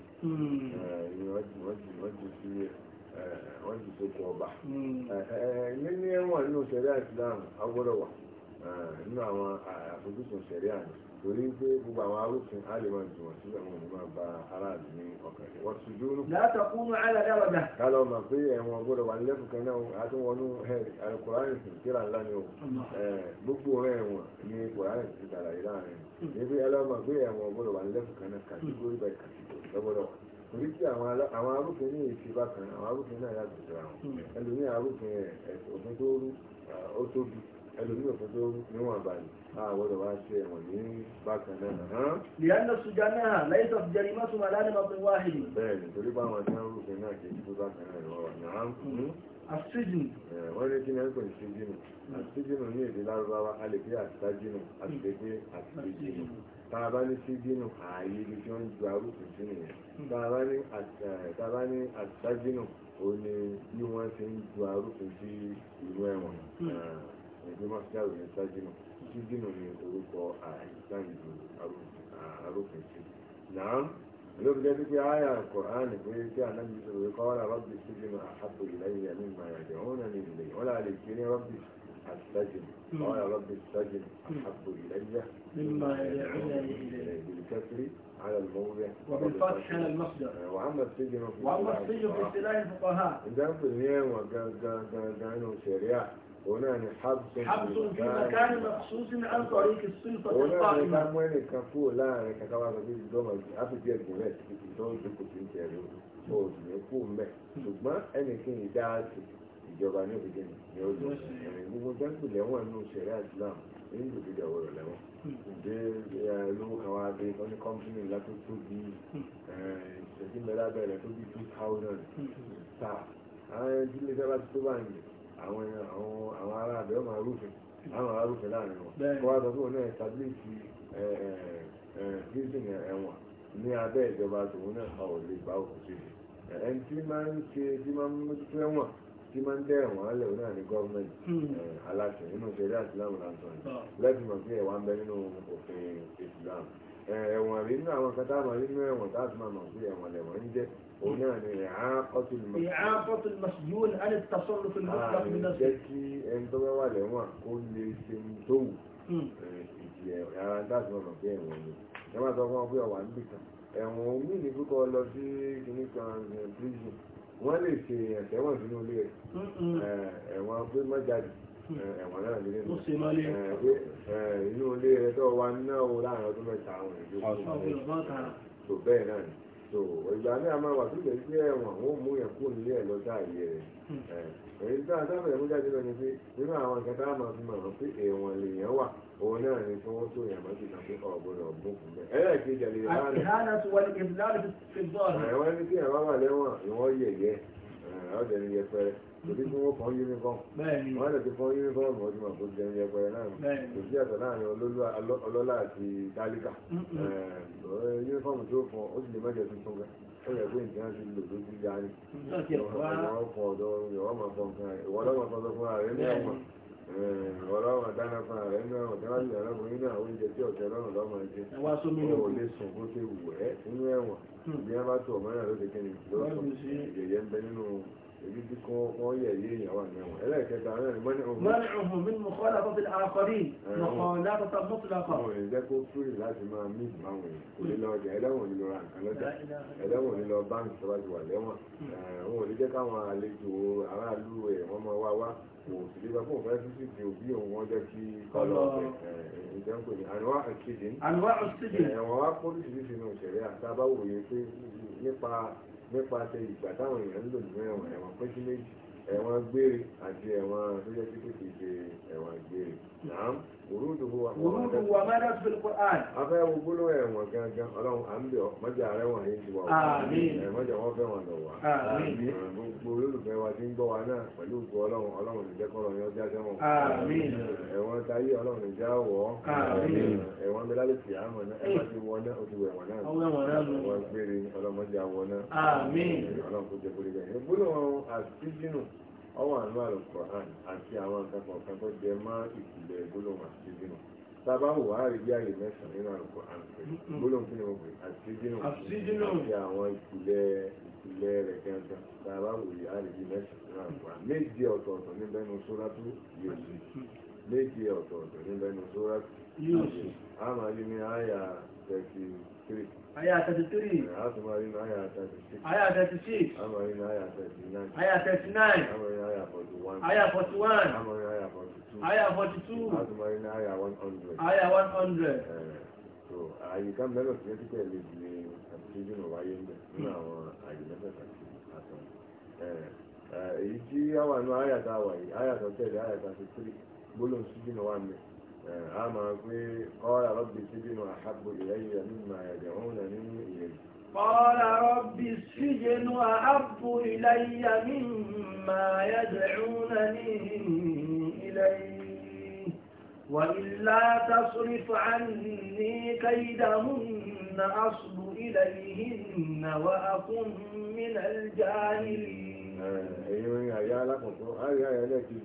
eh, wọ́n ti wọ́n ti wọ́n ti fi eh, wọ́n ti sokun ọba ẹ̀ẹ́dẹ́gbẹ̀rún hmm. ẹ̀wọ̀n nínú sẹ́dá ìsìlámù agbọ́dọ̀ wà. Ah, nínú àwọn ah, àfojúsùn a lè máa jùmọ̀ síbẹ̀ wọn ni máa ba aráàlú ní ọkàn wọ́n ti dúró. látọkùnú aládàwọ̀dà. kálọ̀ mà pé ẹ̀wọ̀n gbọ́dọ̀ wà lẹ́kùn kan náà àti wọnú alukùránì sùn kíra ńlá ni o gbogbo rẹ̀ ẹ̀wọ̀n ní kùránì ti ṣàlàyé láàrin níbi ẹlọ́mà pé ẹ̀wọ̀n gbọ́dọ̀ wà lẹ́kùn kan náà kàtígórì bá kàtígórì torí àwọn arúfin ní kan àwọn arúfin náà síra wọn hmm. ẹlòmíràn arúfin òfin ah, ẹlòmíràn fún tó níwọ̀n àbàlì àwọ̀dọ̀ wá ṣe ẹ̀wọ̀n ní bákan náà. lìyànà sùjà náà láìsọ̀ jẹrì má súnmọ́ aláàdé máa pín wáhìlì. bẹ́ẹ̀ni torí bá wọn tán rúfin náà kì í tó bákan náà lọ náà. àṣìjìn. wọ́n ní kí náà kò ní ṣíjìnù àṣìjìnù ní èdè lárúbáwá a lè pé àṣìjìnù àṣìjìnù àṣìjìnù tá a bá ní ṣíjìnù ààyè ibi tí wọ́n ju arúfin sí nìyẹn hmm. tá a bá ní àṣìjìnù ò ní bí wọ́n ṣe ń ju arúfin sí ìlú ẹ̀wọ̀n. Hmm. نعم لو جابت آية القرآن يقول لك أن قال رب السجن أحب إلي مما يدعونني إليه ولا عليك يا رب السجن قال رب السجن أحب إلي مما يدعونني إليه بالكسر على الموضع وبالفتح على المصدر وأما السجن وأما السجن في اصطلاح الفقهاء إذا في الميم وجانو سريع هنا نحب حبس في مكان مخصوص عن طريق الصلفة القائمة هنا نحب وين كفو لا أنا كتابة في الدوم أفي في الجنات في الدوم في كتير تيارو بوز نكون مه ثم أنا كني دعس ìjọba ní òbí jẹni ní ọjọ́ ẹ̀rìn gbogbo jáǹkù lẹ́wọ̀n ní òṣèré islam ní ìlú ìjọba ọ̀rọ̀ lẹ́wọ̀n ìdè lówó kan wá dé wọ́n ní kọ́mpínì ńlá tó tó bí ìṣẹ́jú mẹ́lá bẹ̀rẹ̀ tó bí two thousand star àwọn ẹni tí ilé iṣẹ́ bá ti tó bá ń yẹ àwọn àwọn ará àbẹ̀ ọmọ arúfin hmm. àwọn arúfin láàrin wọn wọ́n wá sọ pé òun náà establish prison ẹ̀wọ̀n ní abẹ́ ìjọba tòun náà a ò lè bá òkú sí i ẹni tí máa ń ṣe tí máa ń mójútó ẹ̀wọ̀n tí máa ń dẹ́ ẹ̀wọ̀n alẹ́ òun náà ní gọ́ọ̀mẹ̀ntì hmm. aláṣẹ nínú ìṣẹ̀lẹ̀ àti láwọn làǹtọ̀ yìí ah. lẹ́tìmọ̀ sí ẹ̀wà ń bẹ nínú òfin Islam ẹ̀wọ̀n rí nínú àwọn kẹta àmà nínú ẹ̀wọ̀n tá a tún máa mọ̀ sí ẹ̀wọ̀n lẹ̀wọ̀n ń jẹ́ òun náà ni ìhàkọ́tùn mọ̀. ìhàkọ́tùn mọ̀ yóò ní alẹ́ tasọ́rọ̀ fún mi. àà jẹ́ kí ẹni tó bá wà lẹ́wọ̀n kó lè ṣe ń tó wù. Hmm. ara tá a tún mọ̀ sí ẹ̀wọ̀n ni. ẹ má sọ fún ọ pé ọ̀wà ń bì kan. ẹ̀wọ̀n omi ní kíkọ́ lọ sí kìnnì kan eh, prison. wọ́n lè ṣe ẹ̀sẹ̀wọ̀n sínú ilé rẹ̀. Hmm, hmm. Eh, ẹ̀wọ̀n pé má jáde. ẹ̀wọ̀n náà nílé inú ilé ẹjọ́ wa náà o láàrin ọdún mẹ́ta àwọn èèyàn bẹ́ẹ̀ náà ni so ìgbà ní máa wà tó lẹ́sí ẹ̀wọ̀n ó mú yẹn nílé ẹ̀ lọ́jà ayé rẹ̀ hmm. èyí ẹ̀mú jáde lọ ni pé nínú àwọn máa fi wà òun náà ni tó yẹn ọ̀gbọ́n ọ̀gbọ́n fún yẹn wá ní. ẹ̀wọ̀n ní kí ẹ̀wọ̀n wà lẹ́wọ̀n ìwọ́n torí tí wọ́n fọ́n yúnífọ́ọ̀mù wọ́n lè ti fọ́n yúnífọ́ọ̀mù ọdún ọ̀pọ̀ jẹun yẹpẹrẹ náà kò sí ẹ̀sọ̀ láàrin ọlọ́lá àti tálíkà yúnífọ́ọ̀mù tó fọ́n ó sì lè mẹ́jọ tuntun gan ó yẹ pé nǹkan ti lò lójú ya ni ìwọ́n ọ̀dọ́ ìwọ́n máa fọ́ nǹkan ìwọ́n lọ́mọ fọ́sọ fún ààrẹ ní ẹ̀wọ̀n ìwọ́n lọ́mọ dáná fún ààrẹ ní ẹ̀wọ̀n hmm èyí tí kọ́ wọ́n yẹ̀ yé ìyàwó àmẹ́wọ̀n ẹlẹ́ẹ̀kẹta náà ni mọ́nì ọ̀hún. mọ́nì ọ̀hún mi mú kọ́lá tó fi àkọ́rí mọ̀kànlá tó sọ mọ́tòlá kan. àwọn èèyàn jẹ́ kó fúri láti máa mí ìbáwọn èèyàn kò ní lọ ọjà ẹlẹ́wọ̀n ní lọ ra nǹkan lọ́jà ẹlẹ́wọ̀n ní lọ báńkì tó bá ti wà lẹ́wọ̀n àwọn hmm. òní jẹ́ káwọn àlejò aráàlú ẹ̀ wọ́n máa wá wá òsìlébà fún ọ̀fẹ́ títí di òbí òun wọ́n jẹ́ kí kọ́lọ̀ ìjẹ́ǹkò ní àríwá àkídín àríwá àkídín ẹ̀wọ̀n wá pólísì nípasẹ̀ ìgbà táwọn èèyàn ń lò nínú ẹ̀wọ̀n ẹ̀wọ̀n pẹ́kí méjì ẹ̀wọ̀n gbére àti ẹ̀wọ̀n tó jẹ́ sí kìí ṣe ẹ̀wọ̀n gbére. Nàám, òrùdù wa. Òrùdù wa máa dá sí wo ẹ̀wọ̀n gangan, ọlọ́run à ń bẹ̀ ọ́, mọ́jà wọ̀n ti wà wá. Mọ́jà wọ́n fẹ́ wọn lọ wá. Gbogbo olólùfẹ́ ti ń gbọ́ wa náà pẹ̀lú ògùn ọlọ́run, ọlọ́run lè jẹ́ kọ́rọ̀ ọlọ́run ọwọ́ àánú àlùkọ̀ọ́hán àti àwọn akẹ́kọ̀ọ́ kan tó jẹ mọ́ ìpìlẹ̀ gbólóhùn àti ìdínà sábà wò á rí bí àyè mẹ́sàn-án nínú àlùkọ̀ọ́hán gbólóhùn kí ni mo pè àti ìdínà àti àwọn ìpìlẹ̀ ìpìlẹ̀ rẹ̀ gángan sábà wò á rí bí mẹ́sàn-án nínú àlùkọ̀ọ́hán méje ọ̀tọ̀ọ̀tọ̀ níbẹ̀ nu sóràtú yòòsì méje ọ̀tọ̀ọ̀tọ̀ níbẹ̀ nu sóràtú yòòsì á máa rí ní àyà 33. Ayah 33. Atumarin ayah 36. Ayah 36. Amarin ayah 39. Ayah 39. Amarin ayah 41. Ayah 41. Amarin ayah 42. Ayah 42. Atumarin ayah 100. Ayah 100. So, àyíká mẹ́rọ̀ tí ó ti tẹ̀lé di ní àtijọ́ wáyé nínú àwọn àyè mẹ́fẹ̀ẹ́fà sí àtọ̀. Èyí tí àwọn àánú ayàtà wà yìí, ayàtà tẹ̀lé ayàtà 33, gbólóhùn sí jìnnà wà mẹ́rin. Eh, a máa gbé ọ́rà rọ́bì síjìnà àhábò ìrẹ́yẹ mímọ̀ ẹ̀dẹ̀rún ní ìyẹn Qala rabbi sijnu ahabbu ilayya mimma yad'unani ilayhi وإلا تصرف عني كيدهن أصب إليهن وأكن من الجاهلين. أيوة يا لكم أيوة يا لكم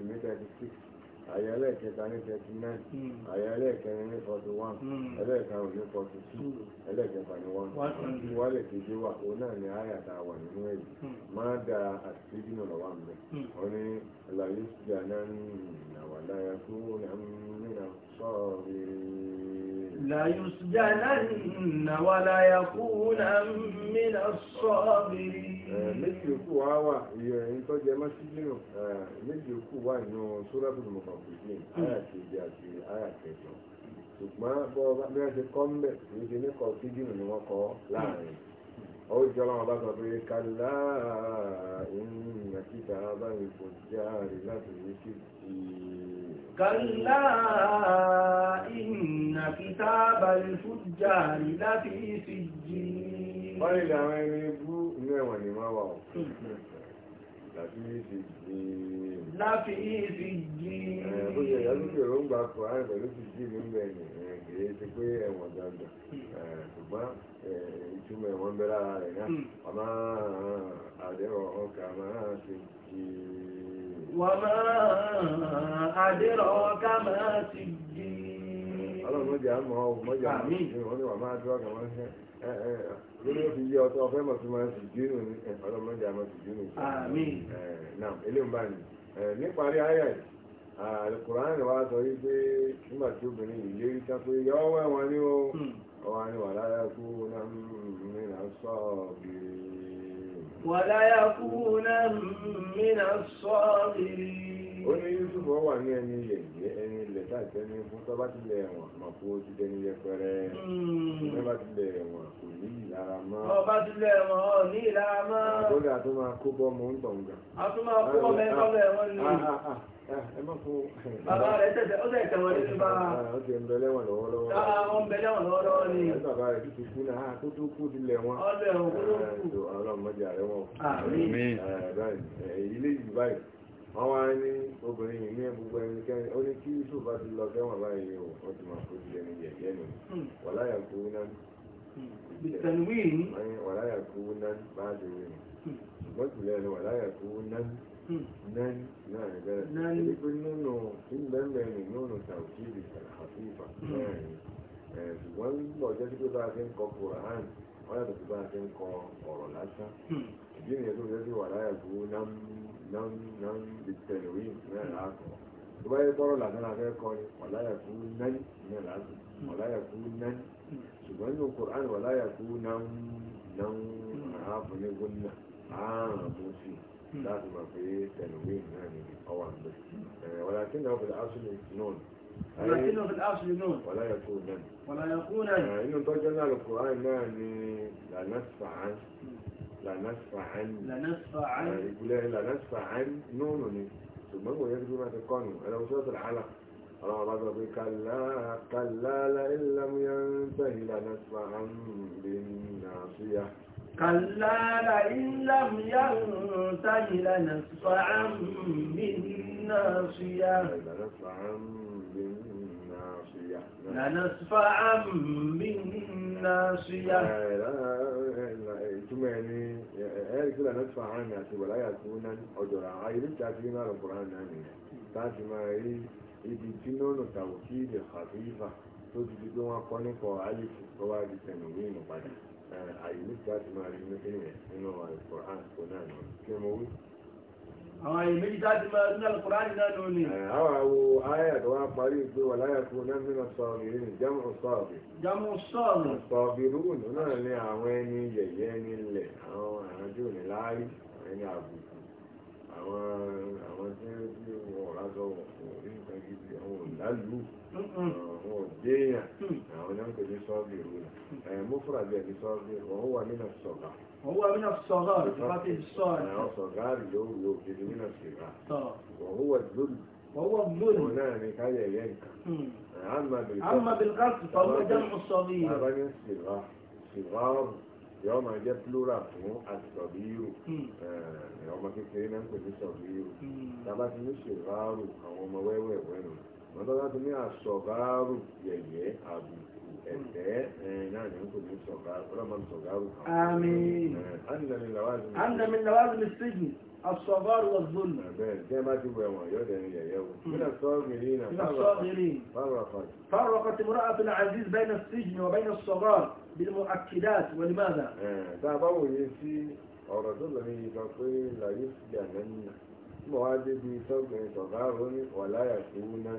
àyà ẹlẹ́ẹ̀kẹta ní thirty nine hmm. àyà ẹlẹ́ẹ̀kẹrin ní forty one hmm. ẹlẹ́ẹ̀karùn ní forty two hmm. ẹlẹ́ẹ̀kẹfà ní one twenty wálẹ̀ kejì wà òun náà ní àyà wà nínú ẹ̀yìn máa da àtìsíjú náà wà mẹ́ ọ ní làyé sí àná ní ìyàwó aláya tó wọ́n ní àwọn mìíràn sọ́ọ̀rì ليسجنن وليكونا من الصابرين eh, méjì òkú wa wà ìyẹn tó jẹ mọ́ sí nínú eh, méjì òkú wà nínú sóràbùn mọ̀kànlélẹ́yìn àyàkéjì àti àyàkẹjọ ṣùgbọ́n bọ́ bí wọ́n ṣe kọ́ mbẹ̀ kìí ṣe níkọ̀ kíjìnì ni wọ́n kọ́ láàrin ó jọ lọ́wọ́ bá sọ pé kálá ìrìn àti ìta bá ń kò járe láti rí sí i. كلا إن كتاب الفجار لفي سجين wọ́n lè àwọn ẹni ìsì jíì bó ṣe ìyájú pé ó ń gba kọ ààrẹ ti jíì ní ilẹ̀ ẹ̀ kìí ṣe pé ẹ̀wọ̀n dandan ṣùgbọ́n ìtumọ̀ ẹ̀wọ̀n bẹ́ẹ̀ lára rẹ̀ náà ọmọ hmm. àdéhùn ọkà máa ṣe وما أدراك ما سجين الله ما جاء ما هو ما جاء آمين وما أدراك ما سجين lórí òfin yé ọtọ ọfẹ mọ sí máa ń sì júnù ní ọlọmọdé àmọ sì júnù sí. àmín. náà ń bá ní níparí ayé wa sọ pé nígbà tí obìnrin yìí pé ni ó wà ní wàhálà kú náà ń rìn náà ولا يكون من الصاغرين onye ní yusuf ọ wà ní ẹni ilẹ̀ yẹ ẹni ilẹ̀ táìsí ẹni ojide tọ́ba ti lẹ̀ ẹ̀wọ̀n mà fún ó ti dẹni yẹpẹrẹ hmm. tọ́ba ti lẹ̀ ẹ̀wọ̀n kò ní ìlara ti ẹ̀wọ̀n ọ a ah, ah, ah, ni. bàbá rẹ̀ tẹ̀sẹ̀ ó tẹ̀sẹ̀ ó ti ń bẹ̀lẹ̀ wọn ń bẹ̀lẹ̀ wọn ni. bàbá rẹ̀ ti kú náà wọ́n wá ní obìnrin yìí ní gbogbo ẹnikẹ́ni ó ní kí yusuf bá ti lọ sẹ́wọ̀n báyìí o ó ti máa fojú ẹni yẹ̀yẹ́ nù hmm. wàláyà kú náà hmm. wàláyà kú náà bá a ti rí nù hmm. ṣùgbọ́n ìpìlẹ̀ ni wàláyà kú náà náà náà ní bẹ́ẹ̀ ẹni pé nínú ìgbẹ́mẹ̀ ni nínú tàùkì ìbìsàn àfífà náà ṣùgbọ́n ọjọ́ tí pé bá a ti ń kọ kùrán wọ́n yàtọ̀ sí bá a ṣe ń kọ ọ̀rọ̀ lásán hmm. ìdí nìyẹn tó fẹ́ sí wà láyà gbó nám nám nám lè tẹ̀lé orí ìpínlẹ̀ láàkọ́ tó bá yẹ kọ́rọ̀ làtàn afẹ́ kọ ni wà láyà gbó nání ìpínlẹ̀ láàkọ́ hmm. wà láyà gbó nání hmm. ṣùgbọ́n nínú Kùránì wà láyà gbó nám nám àáfọ̀ ní gómìnà àárùn tó sì láti mọ̀ pé tẹ̀lé orí ìpínlẹ̀ ọwà ń bẹ̀ wọ́n ولكنه في الأصل نون ولا يكون ولا يكون إنه توجدنا القرآن يعني لا نسفع عن لا نسفع عن لا نسفع عن يقول لا نسفع عن نون ثم هو يكذب ما تقانون أنا سورة العلق ربك كلا كلا لئن لم ينتهي لنسفعا بالناصية كلا لئن لم ينتهي لنسفعا بالناصية لنسفعا lànàṣfàá mi nàṣíyà. ìtumọ̀ ẹni ẹ̀rí kí lànàṣfàá mi àti wàláyà tó ná ọ̀dọ̀rà ayé níta fi ń rárọ̀ kúrán náà nìyẹn láti máa rí ibi tí lónà tàwọn kí ìdè kàfífà tó ti di pé wọ́n kọ́ nípa àlìfù tó wá di tẹnu ní ìnù padà àyè níta àwọn àyè méjì dájú máa ní alùkùránì náà ló ní. àwọn àwo ayé tó wá parí pé wà láyà tó náà nínú sọọbì ní jámù sọọbì. jámù sọọbì. sọọbì rúgùn náà ní àwọn ẹni yẹ̀yẹ́ nílẹ̀ àwọn àjò ní ẹni àbùkù àwọn àwọn tí wọn ò rásọ wọn kò nǹkan gidi àwọn ò déèyàn hmm. àwọn náà kò ní sọ́ọ̀bì rú ẹ̀ mú fúra bẹ́ẹ̀ ní sọ́ọ̀bì rú wọ́n wà nínú sọ̀gá. wọ́n wà nínú sọ̀gá ìfipákì sọ́ọ̀rì. àwọn sọ̀gá rí lóru yóò fi di nínú sìgá. wọ́n wà lónìí. wọ́n wà lónìí. òun náà hmm. ní káyọ̀ ẹ̀yẹ nǹkan. amabilkasi fàwọn jáàmù sọ́ọ̀bì rẹ̀. abáni sìgá sìgá ọ̀rùn yọ máa jẹ́ plural fún àtìsọ̀bíyù hmm. ọmọ kékeré náà ń pè ní sọ̀bíyù tábà ti ní sìgá ọ̀rùn àwọn ọmọ wẹ́wẹ́wẹ́ nù mọ́tọ́ láti ní àsọ̀gárù yẹ̀yẹ́ àbùkù ẹ̀tẹ́ náà ní kò ní sọ̀gárù ọlọ́mọdé sọ̀gárù. àmín. andami lawal mi sigi asọ̀gárù wa zulu. bẹ́ẹ̀ tí a bá ti wẹ̀ wọ̀n yóò dẹni yẹ̀yẹ́ o. nínú hmm. sọ́ọ̀gìrì náà fárọ̀kọ̀tì. fárọ̀kọ̀tì mura abdul aziz bẹ́ẹ̀ni sigi wa bẹ́ẹ̀ni sọ̀gárù bilimu akidat wàlímàdà. tá a bá wòye sí ọ̀rọ̀ tó lọ́ọ́ yìí kan pé làyé fi àná nínú mọ̀ wá débi sọ́gbìn sọ̀gárù ní wàláyà tó náà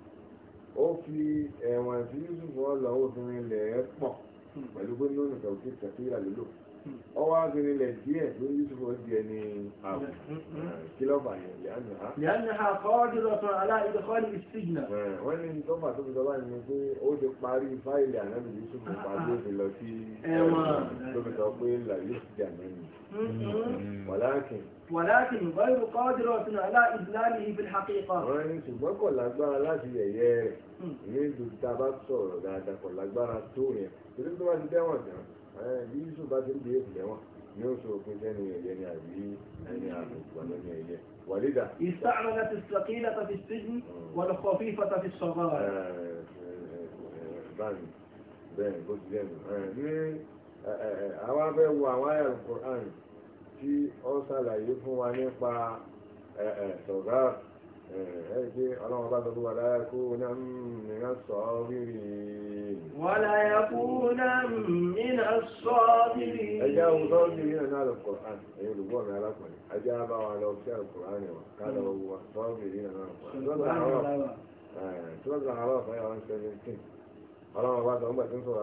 ó fi ẹ̀wọ̀n tí Yusuf wọn lọ obìnrin lẹ̀ pọ̀ hmm. pẹ̀lú gbóná nìkan tẹ̀síyà lólò. ọwọ́ agbẹ̀rẹ̀lẹ̀ díẹ̀ e ń yíṣùfọ́ díẹ̀ ní ààbò kí yẹn lẹ́nu ha. lẹ́nu ha kọ́ọ́dúrọ̀ sọ aláìdíkọ́lì ìsìgìnà. wọ́n ní tọ́pà tó fi lọ́wọ́ nínú pé ó ti parí fáìlì ànábì ah, pàdé ah. sí ẹ̀wọ̀n tó fi sọ pé mm-hmm. wọ́n láti bí yusuf bá ti ń bí èsì lẹ́wọ̀n ní oṣù òpin tẹ́ni ẹ̀yẹ ni àbí ẹni àbùkù ní ẹ̀yẹ wàlídà. استعملت الثقيلة في السجن والخفيفة في الصغار. báyìí bẹ́ẹ̀ bó ti lẹ́nu ní àwọn àwọn tí ó ṣàlàyé fún wa nípa ẹ̀rẹ́ ṣe ọlọ́run bá sọ fún wa láyé kó náà nínú sọ bíbí. wọ́n láyé kó náà nínú sọ na ẹja awùsọ bíbí náà náà lọ kọ án ẹ̀yin olùgbọ́ mi alákùnrin ajá bá wa lọ ọlọ́run bá sọ̀rọ̀ gbàtí ń sọ̀rọ̀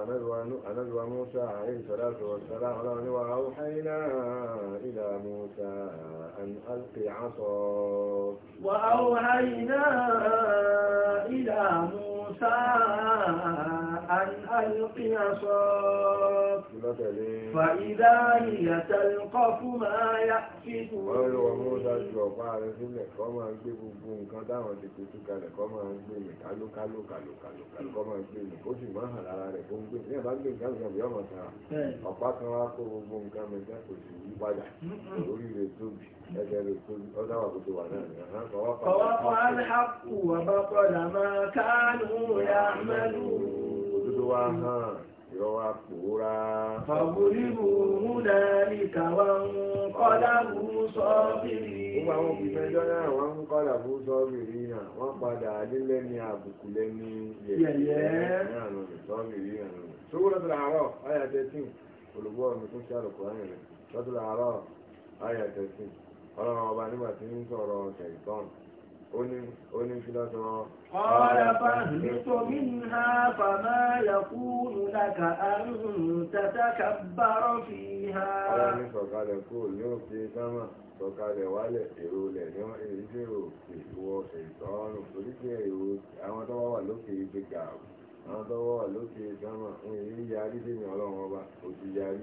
anájúwa musa àìyí sọ̀dáṣọ̀ ọ̀sọ̀dá ọlọ́run ní wa áwùháyínà ìlà musa an alqi aṣọ wa áwùháyínà ìlà musa an alqi aṣọ fa'idá ìyà tàlùkọ́ fún máa yá kíkù ọlọ́run musa ju ọ̀pá rẹ̀ sílẹ̀ kọ́ máa gbé gbogbo nǹkan táwọn ti pẹ̀tù kalẹ̀ kọ́ máa gbé mi kálókálókálókálókálókọ́ máa gbé mi sì máa hàn lára rẹ̀ tó ń gbé ní ẹ̀bá gbé nǹkan nǹkan bí ọmọ tara ọ̀pá kan wá kó gbogbo nǹkan mẹ́ta kò sì yí padà lórí rẹ̀ tóbi ẹgbẹ́ rẹ̀ tóbi ọ̀dà wà tó wà náà rẹ̀ hàn kọ́wọ́ pa. ọwọ́ pa alhaku àbápọ̀lá máa káánù ya'malu. òdodo wa hàn. ìrọwà pòórá. Fàbùrìbù múlá ní kàwà ń kọ́lá ụmụ sọ́bìrì. Gbogbo àwọn òfìfẹ́ ẹjọ́ náà wọ́n ń kọ́lá padà ní àbùkù lẹ́ni yẹ̀yẹ́. Sọ́bìrì náà. Sọ́wọ́n tó làárọ̀ ayà tẹ́tìn, olùgbọ́ mi tún ọba قال فاهبط منها فما يكون لك أن تتكبر فيها sọ̀kalẹ̀ wálẹ̀ èrò lẹ̀ níwọ̀n èyí tí ó ìwọ ìtọ́ọ̀nù oríkẹ́ èrò àwọn tọ́wọ́ wà lókè ìgbéga àwọn tọ́wọ́ wà lókè ìgbàmà ń èyí yarí dèmi ọlọ́run ọba òtù yarí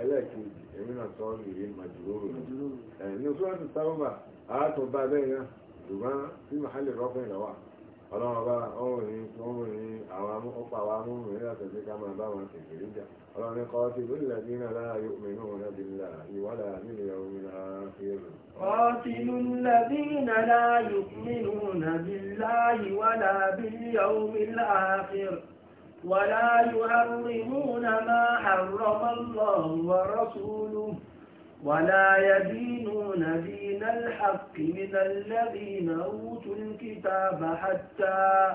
ẹlẹ́ẹ̀kejì èmi náà sọ ọ́nà ìyé màjúlóró rẹ̀ ní sọ́ọ̀tù táwọ́bà àátún bá bẹ́ẹ̀ náà ṣùgbọ́n tí màhálì rọ́pìn rẹ̀ wà ọmọrin ọmọrin àwọn ọ̀pọ̀ àwọn amúrin láti ṣe ọrụ ọrụ ولا يحرمون ما حرم الله ورسوله ولا يدينون دين الحق من الذين أوتوا الكتاب حتى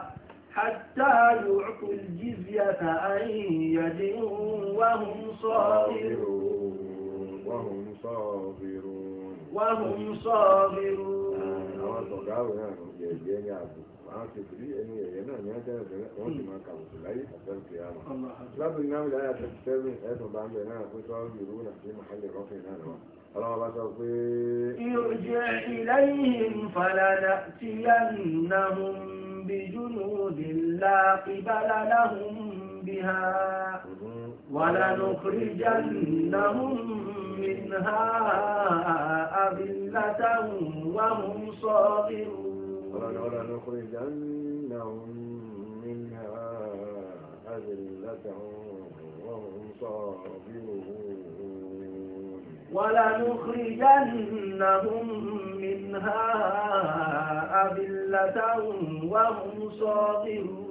حتى يعطوا الجزية عن يد وهم صاغرون وهم صاغرون وهم صاغرون àwọn tọ̀gá àwòrán àrùn yẹ̀yẹ́ ní ààbò àwọn tètè ẹni yẹ̀yẹ́ náà ní ọjọ́ ìbẹ̀rẹ̀ wọ́n sì máa kàwùsù láyé àtẹ́ǹkì àmà lábìrì náà wílẹ̀ àyà 37 ẹ̀sùn bá ń bẹ̀ náà pé sọ́ọ́ yìí rúnà sí mọ̀hálẹ̀ rọ́fìn náà lọ ọlọ́wọ́ bá sọ pé ìròjẹ́ ìlẹ́yìn بها ولنخرجنهم منها أذلة وهم صاغرون ولنخرجنهم منها أذلة وهم صاغرون ولنخرجنهم منها أذلة وهم صاغرون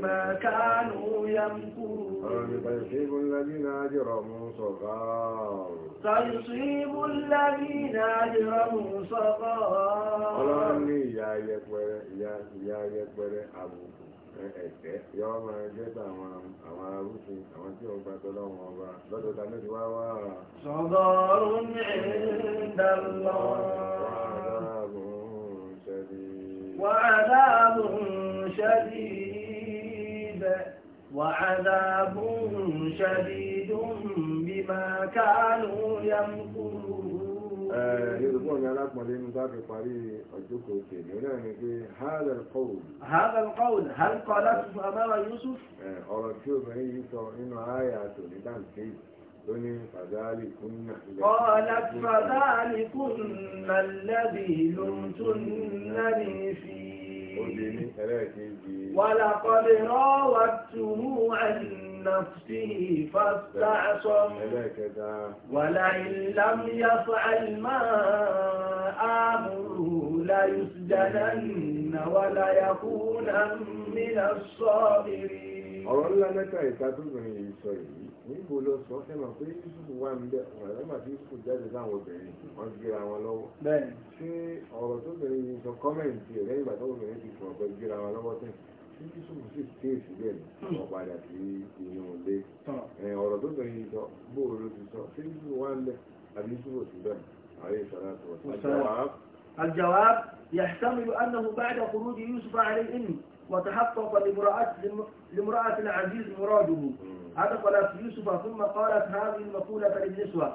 بما كانوا يمكرون سيصيب الذين أجرموا صغار سيصيب الذين أجرموا صغار ọlọ́run ní ìyá yẹpẹrẹ ìyá yẹpẹrẹ àbùkù ẹ̀tẹ́ yọ́ máa jẹ́ tàwọn àwọn arúfin àwọn tí wọ́n gbàtọ́ lọ́wọ́ ọba lọ́dọ̀ ta ti wá wá. sọ̀gọ́rùn ní ìdánlọ́. wàhálà ààbùn ṣẹ́bí. وعذاب شديد بما كانوا يمكرون Yorùbá alápọ̀lé ní bá fi parí ọjọ́kọ̀ òkè ní هذا القول هذا القول هل قالته أمام يوسف ọ̀rọ̀ tí obìnrin yìí sọ nínú ààyà tó قالت فذلكن الذي لمتنني فيه ó lé ní ẹlẹ́ẹ̀kejì. wàlàkọ̀dé rọ́wà tùmú àìnàfsí fàtàṣọ. ẹlẹ́ẹ̀kẹta. wàlà ìlàmúyà fàlmà àmúrù láyé jàdánà wàlà yakúnà mìíràn sọ́ọ̀rì. ọ̀rọ̀ ńlá mẹ́ta ìta tó bìnrin yìí sọ yìí níbo ló sọ ẹ mọ̀ pé yusufu wà ń ọ̀rẹ́ mà tí yusufu jáde láwọn obìnrin wọn gbéra wọn lọ́wọ́. ṣé ọ̀rọ̀ tó bẹ̀rẹ̀ yìí sọ kọ́mẹ̀ntì ẹ̀ lẹ́yìn tó obìnrin ti fọ̀ ọ̀pẹ gbéra wọn lọ́wọ́ tẹ̀ tí yusufu sì ké sílẹ̀ ní ọ̀padà sí inú ilé. ọ̀rọ̀ tó bẹ̀rẹ̀ yìí sọ bó o ló ti sọ ṣé yusufu wà ń àbí yusufu sì bẹ̀ ààrẹ ìṣọ̀rọ̀ الجواب يحتمل أنه بعد خروج يوسف على الإن وتحقق لامرأة العزيز مراده أدخلت يوسف ثم قالت هذه المقولة للنسوة.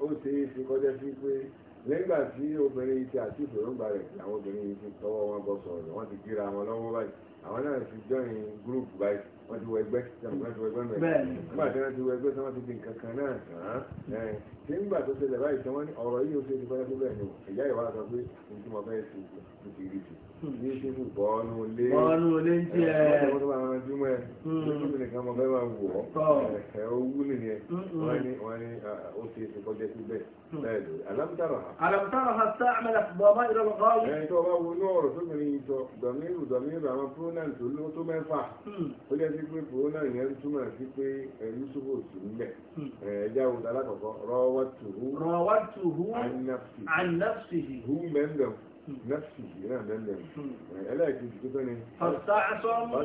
أو في lẹ́gbà tí obìnrin ti àti ìfòròǹgbà rẹ̀ àwọn obìnrin ti tọwọ́ wọn bọ́ sọ̀rọ̀ wọ́n ti kíra wọn lọ́wọ́ báyìí àwọn náà ti jọyìn gúrùpù báyìí wọ́n ti wọ ẹgbẹ́ tí wọ́n ti wọ ẹgbẹ́ mẹ́rin nígbà tí wọ́n ti wọ ẹgbẹ́ tí wọ́n ti di nǹkan kan náà tán nígbà tó ṣẹlẹ̀ báyìí tí wọ́n ní ọ̀rọ̀ yìí ó ṣe ti fẹ́rẹ́ tó bẹ̀rẹ̀ o ìyá ìwà sọ pé ohun tí mo fẹ́ ṣe mo ti rí jù hmm. ní ṣe ní bọ́ọ̀nù olé bọ́ọ̀nù olé ń jẹ́ ẹ̀ wọ́n tó máa rántí mọ́ ẹ̀ lójú hmm. mi nìkan mo fẹ́ máa wọ̀ ọ́ ẹ̀ owú nìyẹn hmm, wọ́n ní wọ́n ní ó ṣe é ṣe kọjá sí bẹ́ẹ̀ bẹ́ẹ̀ lórí alámùtárọ̀ ha. alámùtárọ̀ ha sá àmàlà bàbá ìrọ̀lọ́ kọ́ọ̀lù. ẹni tó bá wo inú ọ̀rọ̀ tó bìnrin yìí sọ dọ̀míìrù dọ̀míìrù àwọn pronoun tó ló tó mẹ́fà ó jẹ́ sí pé pronoun yẹn túmọ̀ sí pé yusuf ò sí ń bẹ̀ ẹ̀ẹ́dá wo ta lákọ̀ọ́kọ́ rọ́w راودته راودته عن نفسه عن نفسه هو من nọ́ọ̀sì yìí náà lẹ́lẹ̀ ẹlẹ́ẹ̀kejì tó tẹ́ni ọ̀sánsọ́mọ̀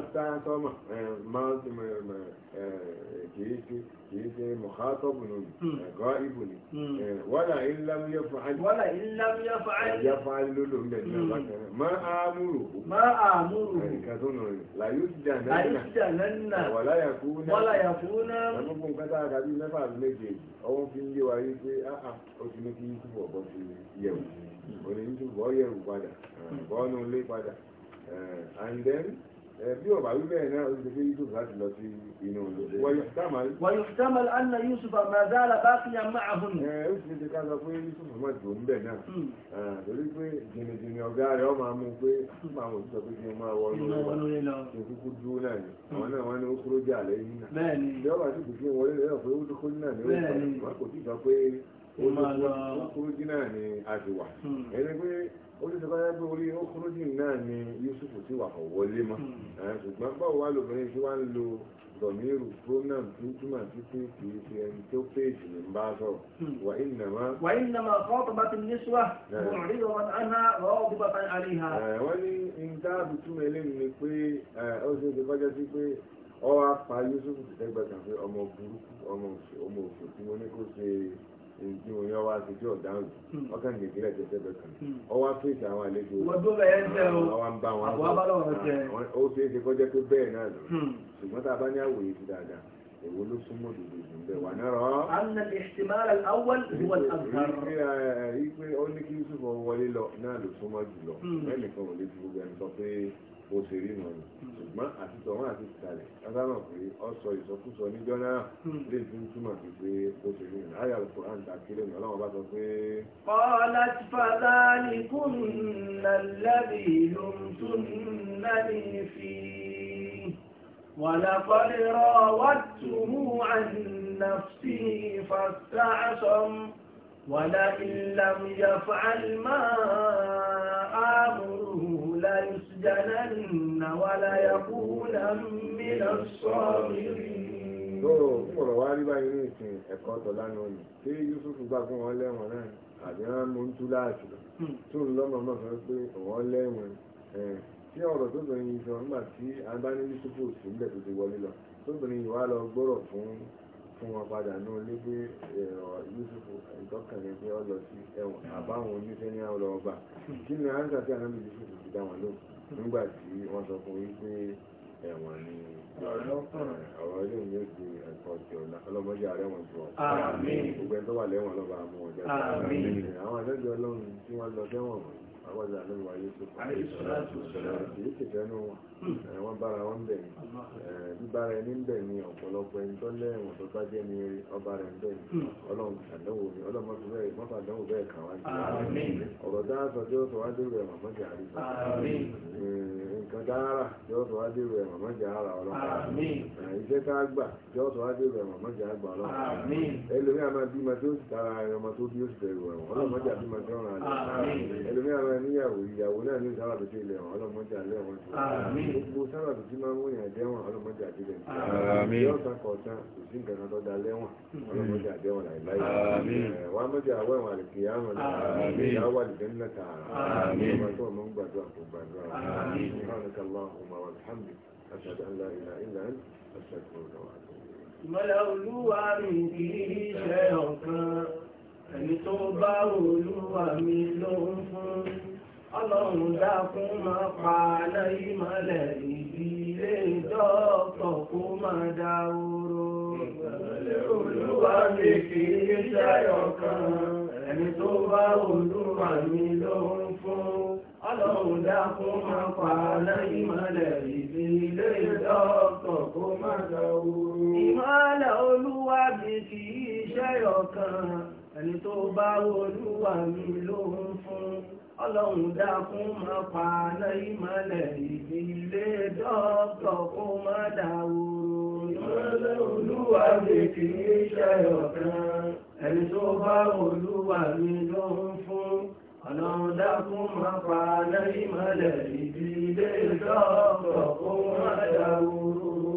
kìí ṣe mọ̀hátọ́bù ní ẹ̀gọ́ ìbò ni wọ́là ìlàmú yẹ fàáyé lólò ń bẹ̀rẹ̀ náà bákan má àmúrò má àmúrò ẹ̀ka tó nù rẹ̀ láyé jà nánà wàlá yàkúnà ẹ̀mọ́gbọ̀n nǹkan tá a dàbí mẹ́fà méje ọwọ́ fi ń yé wa yí pé ó ti ní kí yíkú bọ̀ bọ́ sí yẹ̀wò Hmm. oníjú bọ́ yẹ̀wù padà hmm. bọ́ọ̀nù ilé padà eh, and then eh, bí ọba wíbẹ̀ náà ó ti fi yusuf láti lọ sí inú olóde wọ̀yùsítàmàl anna yusuf àmàzára bá fi yà máa hùn eh, ó ti ti ká sọ pé yusuf mọ̀ tó ń bẹ̀ náà hmm. torí pé jìnnìjìnnì ọ̀gá rẹ̀ ọ máa mú pé máa mọ̀ sísọ pé kí n máa wọnú lọ kí kúkú dúró náà ni àwọn náà wọn ní ó kúrò jà lẹ́yìn náà bí ọba sì kò fi wọlé lẹ́yìn pé ó tó náà ní ó pàdé olùkúrúdì náà ni àjùwà hmm. ẹni pé ó ti sọ́kọ́ yẹ́ pé orí okúrúdì náà ni Yusuf ti wà kọ̀ wọlé mọ́ hmm. ṣùgbọ́n báwo wá lóbìnrin tí wá ń lo dọ̀míìrù pronoun tí túmọ̀ sí pé kì í ṣe ẹni tó péjì ní bá sọ̀rọ̀ wà ìnàmá. wà ìnàmá fọ́ọ̀tọ̀ bá ti ní ṣúwà wọ́n rí wọn aná rọ́ọ̀ bí bàbá àríhà. wọ́n ní ìdáàbò túmọ̀ eléyìí ni pé ó ṣe é ṣe kọjá sí pé ọwọ́ apá Yusuf ti tẹ́gbẹ̀ta pé ọmọ burúkú ọmọ òfò tí mo ní kó ṣe é èjú yọ wá sí tí ọ̀dáhùn hmm. ọkàn nìgbìlẹ̀ tẹ́tẹ́ bẹ̀ kan hmm. ọ wá àwọn àlejò àwọn bá wọn ó ṣeé ṣe kọjá pé bẹ́ẹ̀ náà lọ hmm. ṣùgbọ́n tá a bá ní àwòye ti dáadáa èwo ló súnmọ́ dòdò ìgbìmọ̀ wà náà rọ. anna ihtimal al-awwal huwa al-azhar. ìpè ní kí yusuf wọlé lọ náà ló súnmọ́ jùlọ ẹnìkan ò lè fi gbogbo ẹni sọ pé bó ṣe rí nù ọ̀nà ṣùgbọ́n àti tọ̀wọ́n àti ìsàlẹ̀ sábà pé ọ ìsọkúsọ níjọ́ náà hmm. lè fi ń túmọ̀ sí pé bó nù ayé àlùkò à ń ta kílẹ̀ nù ọlọ́wọ́n bá sọ pé. ọ̀la ti fàdá ní kùnà lẹ́bi ló ń tún náni fi ولقد عن نفسه فاستعصم ولئن لم يفعل ما آمره لا يسجنن ولا يكون من الصاغرين lọ́rọ̀ fọ̀rọ̀ wá rí báyìí ní ìsìn ẹ̀kọ́ tọ̀lá náà yìí tí Yusuf gbà fún wọn lẹ́wọ̀n náà àbí wọn mú tú láàṣì hmm. tó ń lọ́mọ náà fẹ́ pé wọ́n lẹ́wọ̀n tí ọ̀rọ̀ tó bẹ̀rẹ̀ yìí sọ nígbà tí abáni Yusuf ò sí níbẹ̀ tó ti wọlé lọ tó bẹ̀rẹ̀ yìí wá lọ gbọ́rọ̀ fún fún wọn padà náà lé pé Yusuf ìtọ́kànlẹ̀ pé sí ẹ̀wọ̀n àbáwọn oníṣẹ́ ní dá wọn lóhùn nígbà tí wọ́n sọ fún wípé ẹ̀wọ̀n ni ọ̀rọ̀ ilé ìwé ti ẹ̀kọ́ ti ọ̀la ọlọ́mọdé ààrẹ wọn jù ọ̀pọ̀ gbogbo ẹni tó wà lẹ́wọ̀n lọ́ba àmú ọ̀jẹ̀ àwọn àlejò ọlọ́run tí wọ́n lọ sẹ́wọ̀n wọ̀nyí a wajen annabi wa yusuf àti bára wọn bẹ̀ bíbára ẹni bẹ̀ ọ̀pọ̀lọpọ̀ ẹni tó lẹ́wọ̀n tó bá jẹ́ ọba rẹ̀ ń bẹ̀ mọ́fà bẹ́ẹ̀ kà wá ọ̀rọ̀ sọ nǹkan dára ara iṣẹ́ a gbà tí ó sọ wá dérò ẹ̀ àgbà ọlọ́run ẹlòmíà máa bímọ tí ó sì tara ọmọ tó bí ó tẹ̀rù níyàwó ìyàwó náà ní sábàbí ilẹ̀ wọn ọlọ́mọdé tó gbogbo sábàbí máa ń wòyàn dẹ́wọ̀n ọlọ́mọdé àdílẹ̀ ní ọ̀sán kọ̀ọ̀tán kò ẹni tó bá olúwa mi ló ń fún ọlọ́run dákun máa pa aláyé mọ́lẹ̀ ìdílé dọ́ọ̀tọ̀ kó máa dá oró. olúwa mi kì í ṣayọ̀ kan ẹni tó bá olúwa mi ló ń fún ọlọ́run dákun máa pa aláyé mọ́lẹ̀ ìdílé dọ́ọ̀tọ̀ kó máa dá oró. ìmọ̀lẹ̀ olúwa mi kì í ṣayọ̀ kan ẹni tó bá olúwa mi ló ń fún ọlọ́run dákun má pa aná ìmọ̀lẹ̀ ìdílé dọ́ọ̀tọ̀ kó má dàwòrò. ìmọ̀lẹ̀ olúwa mi kì í ṣe ọ̀kan ẹni tó bá olúwa mi ló ń fún ọlọ́run dákun má pa aná ìmọ̀lẹ̀ ìdílé dọ́ọ̀tọ̀ kó má dàwòrò.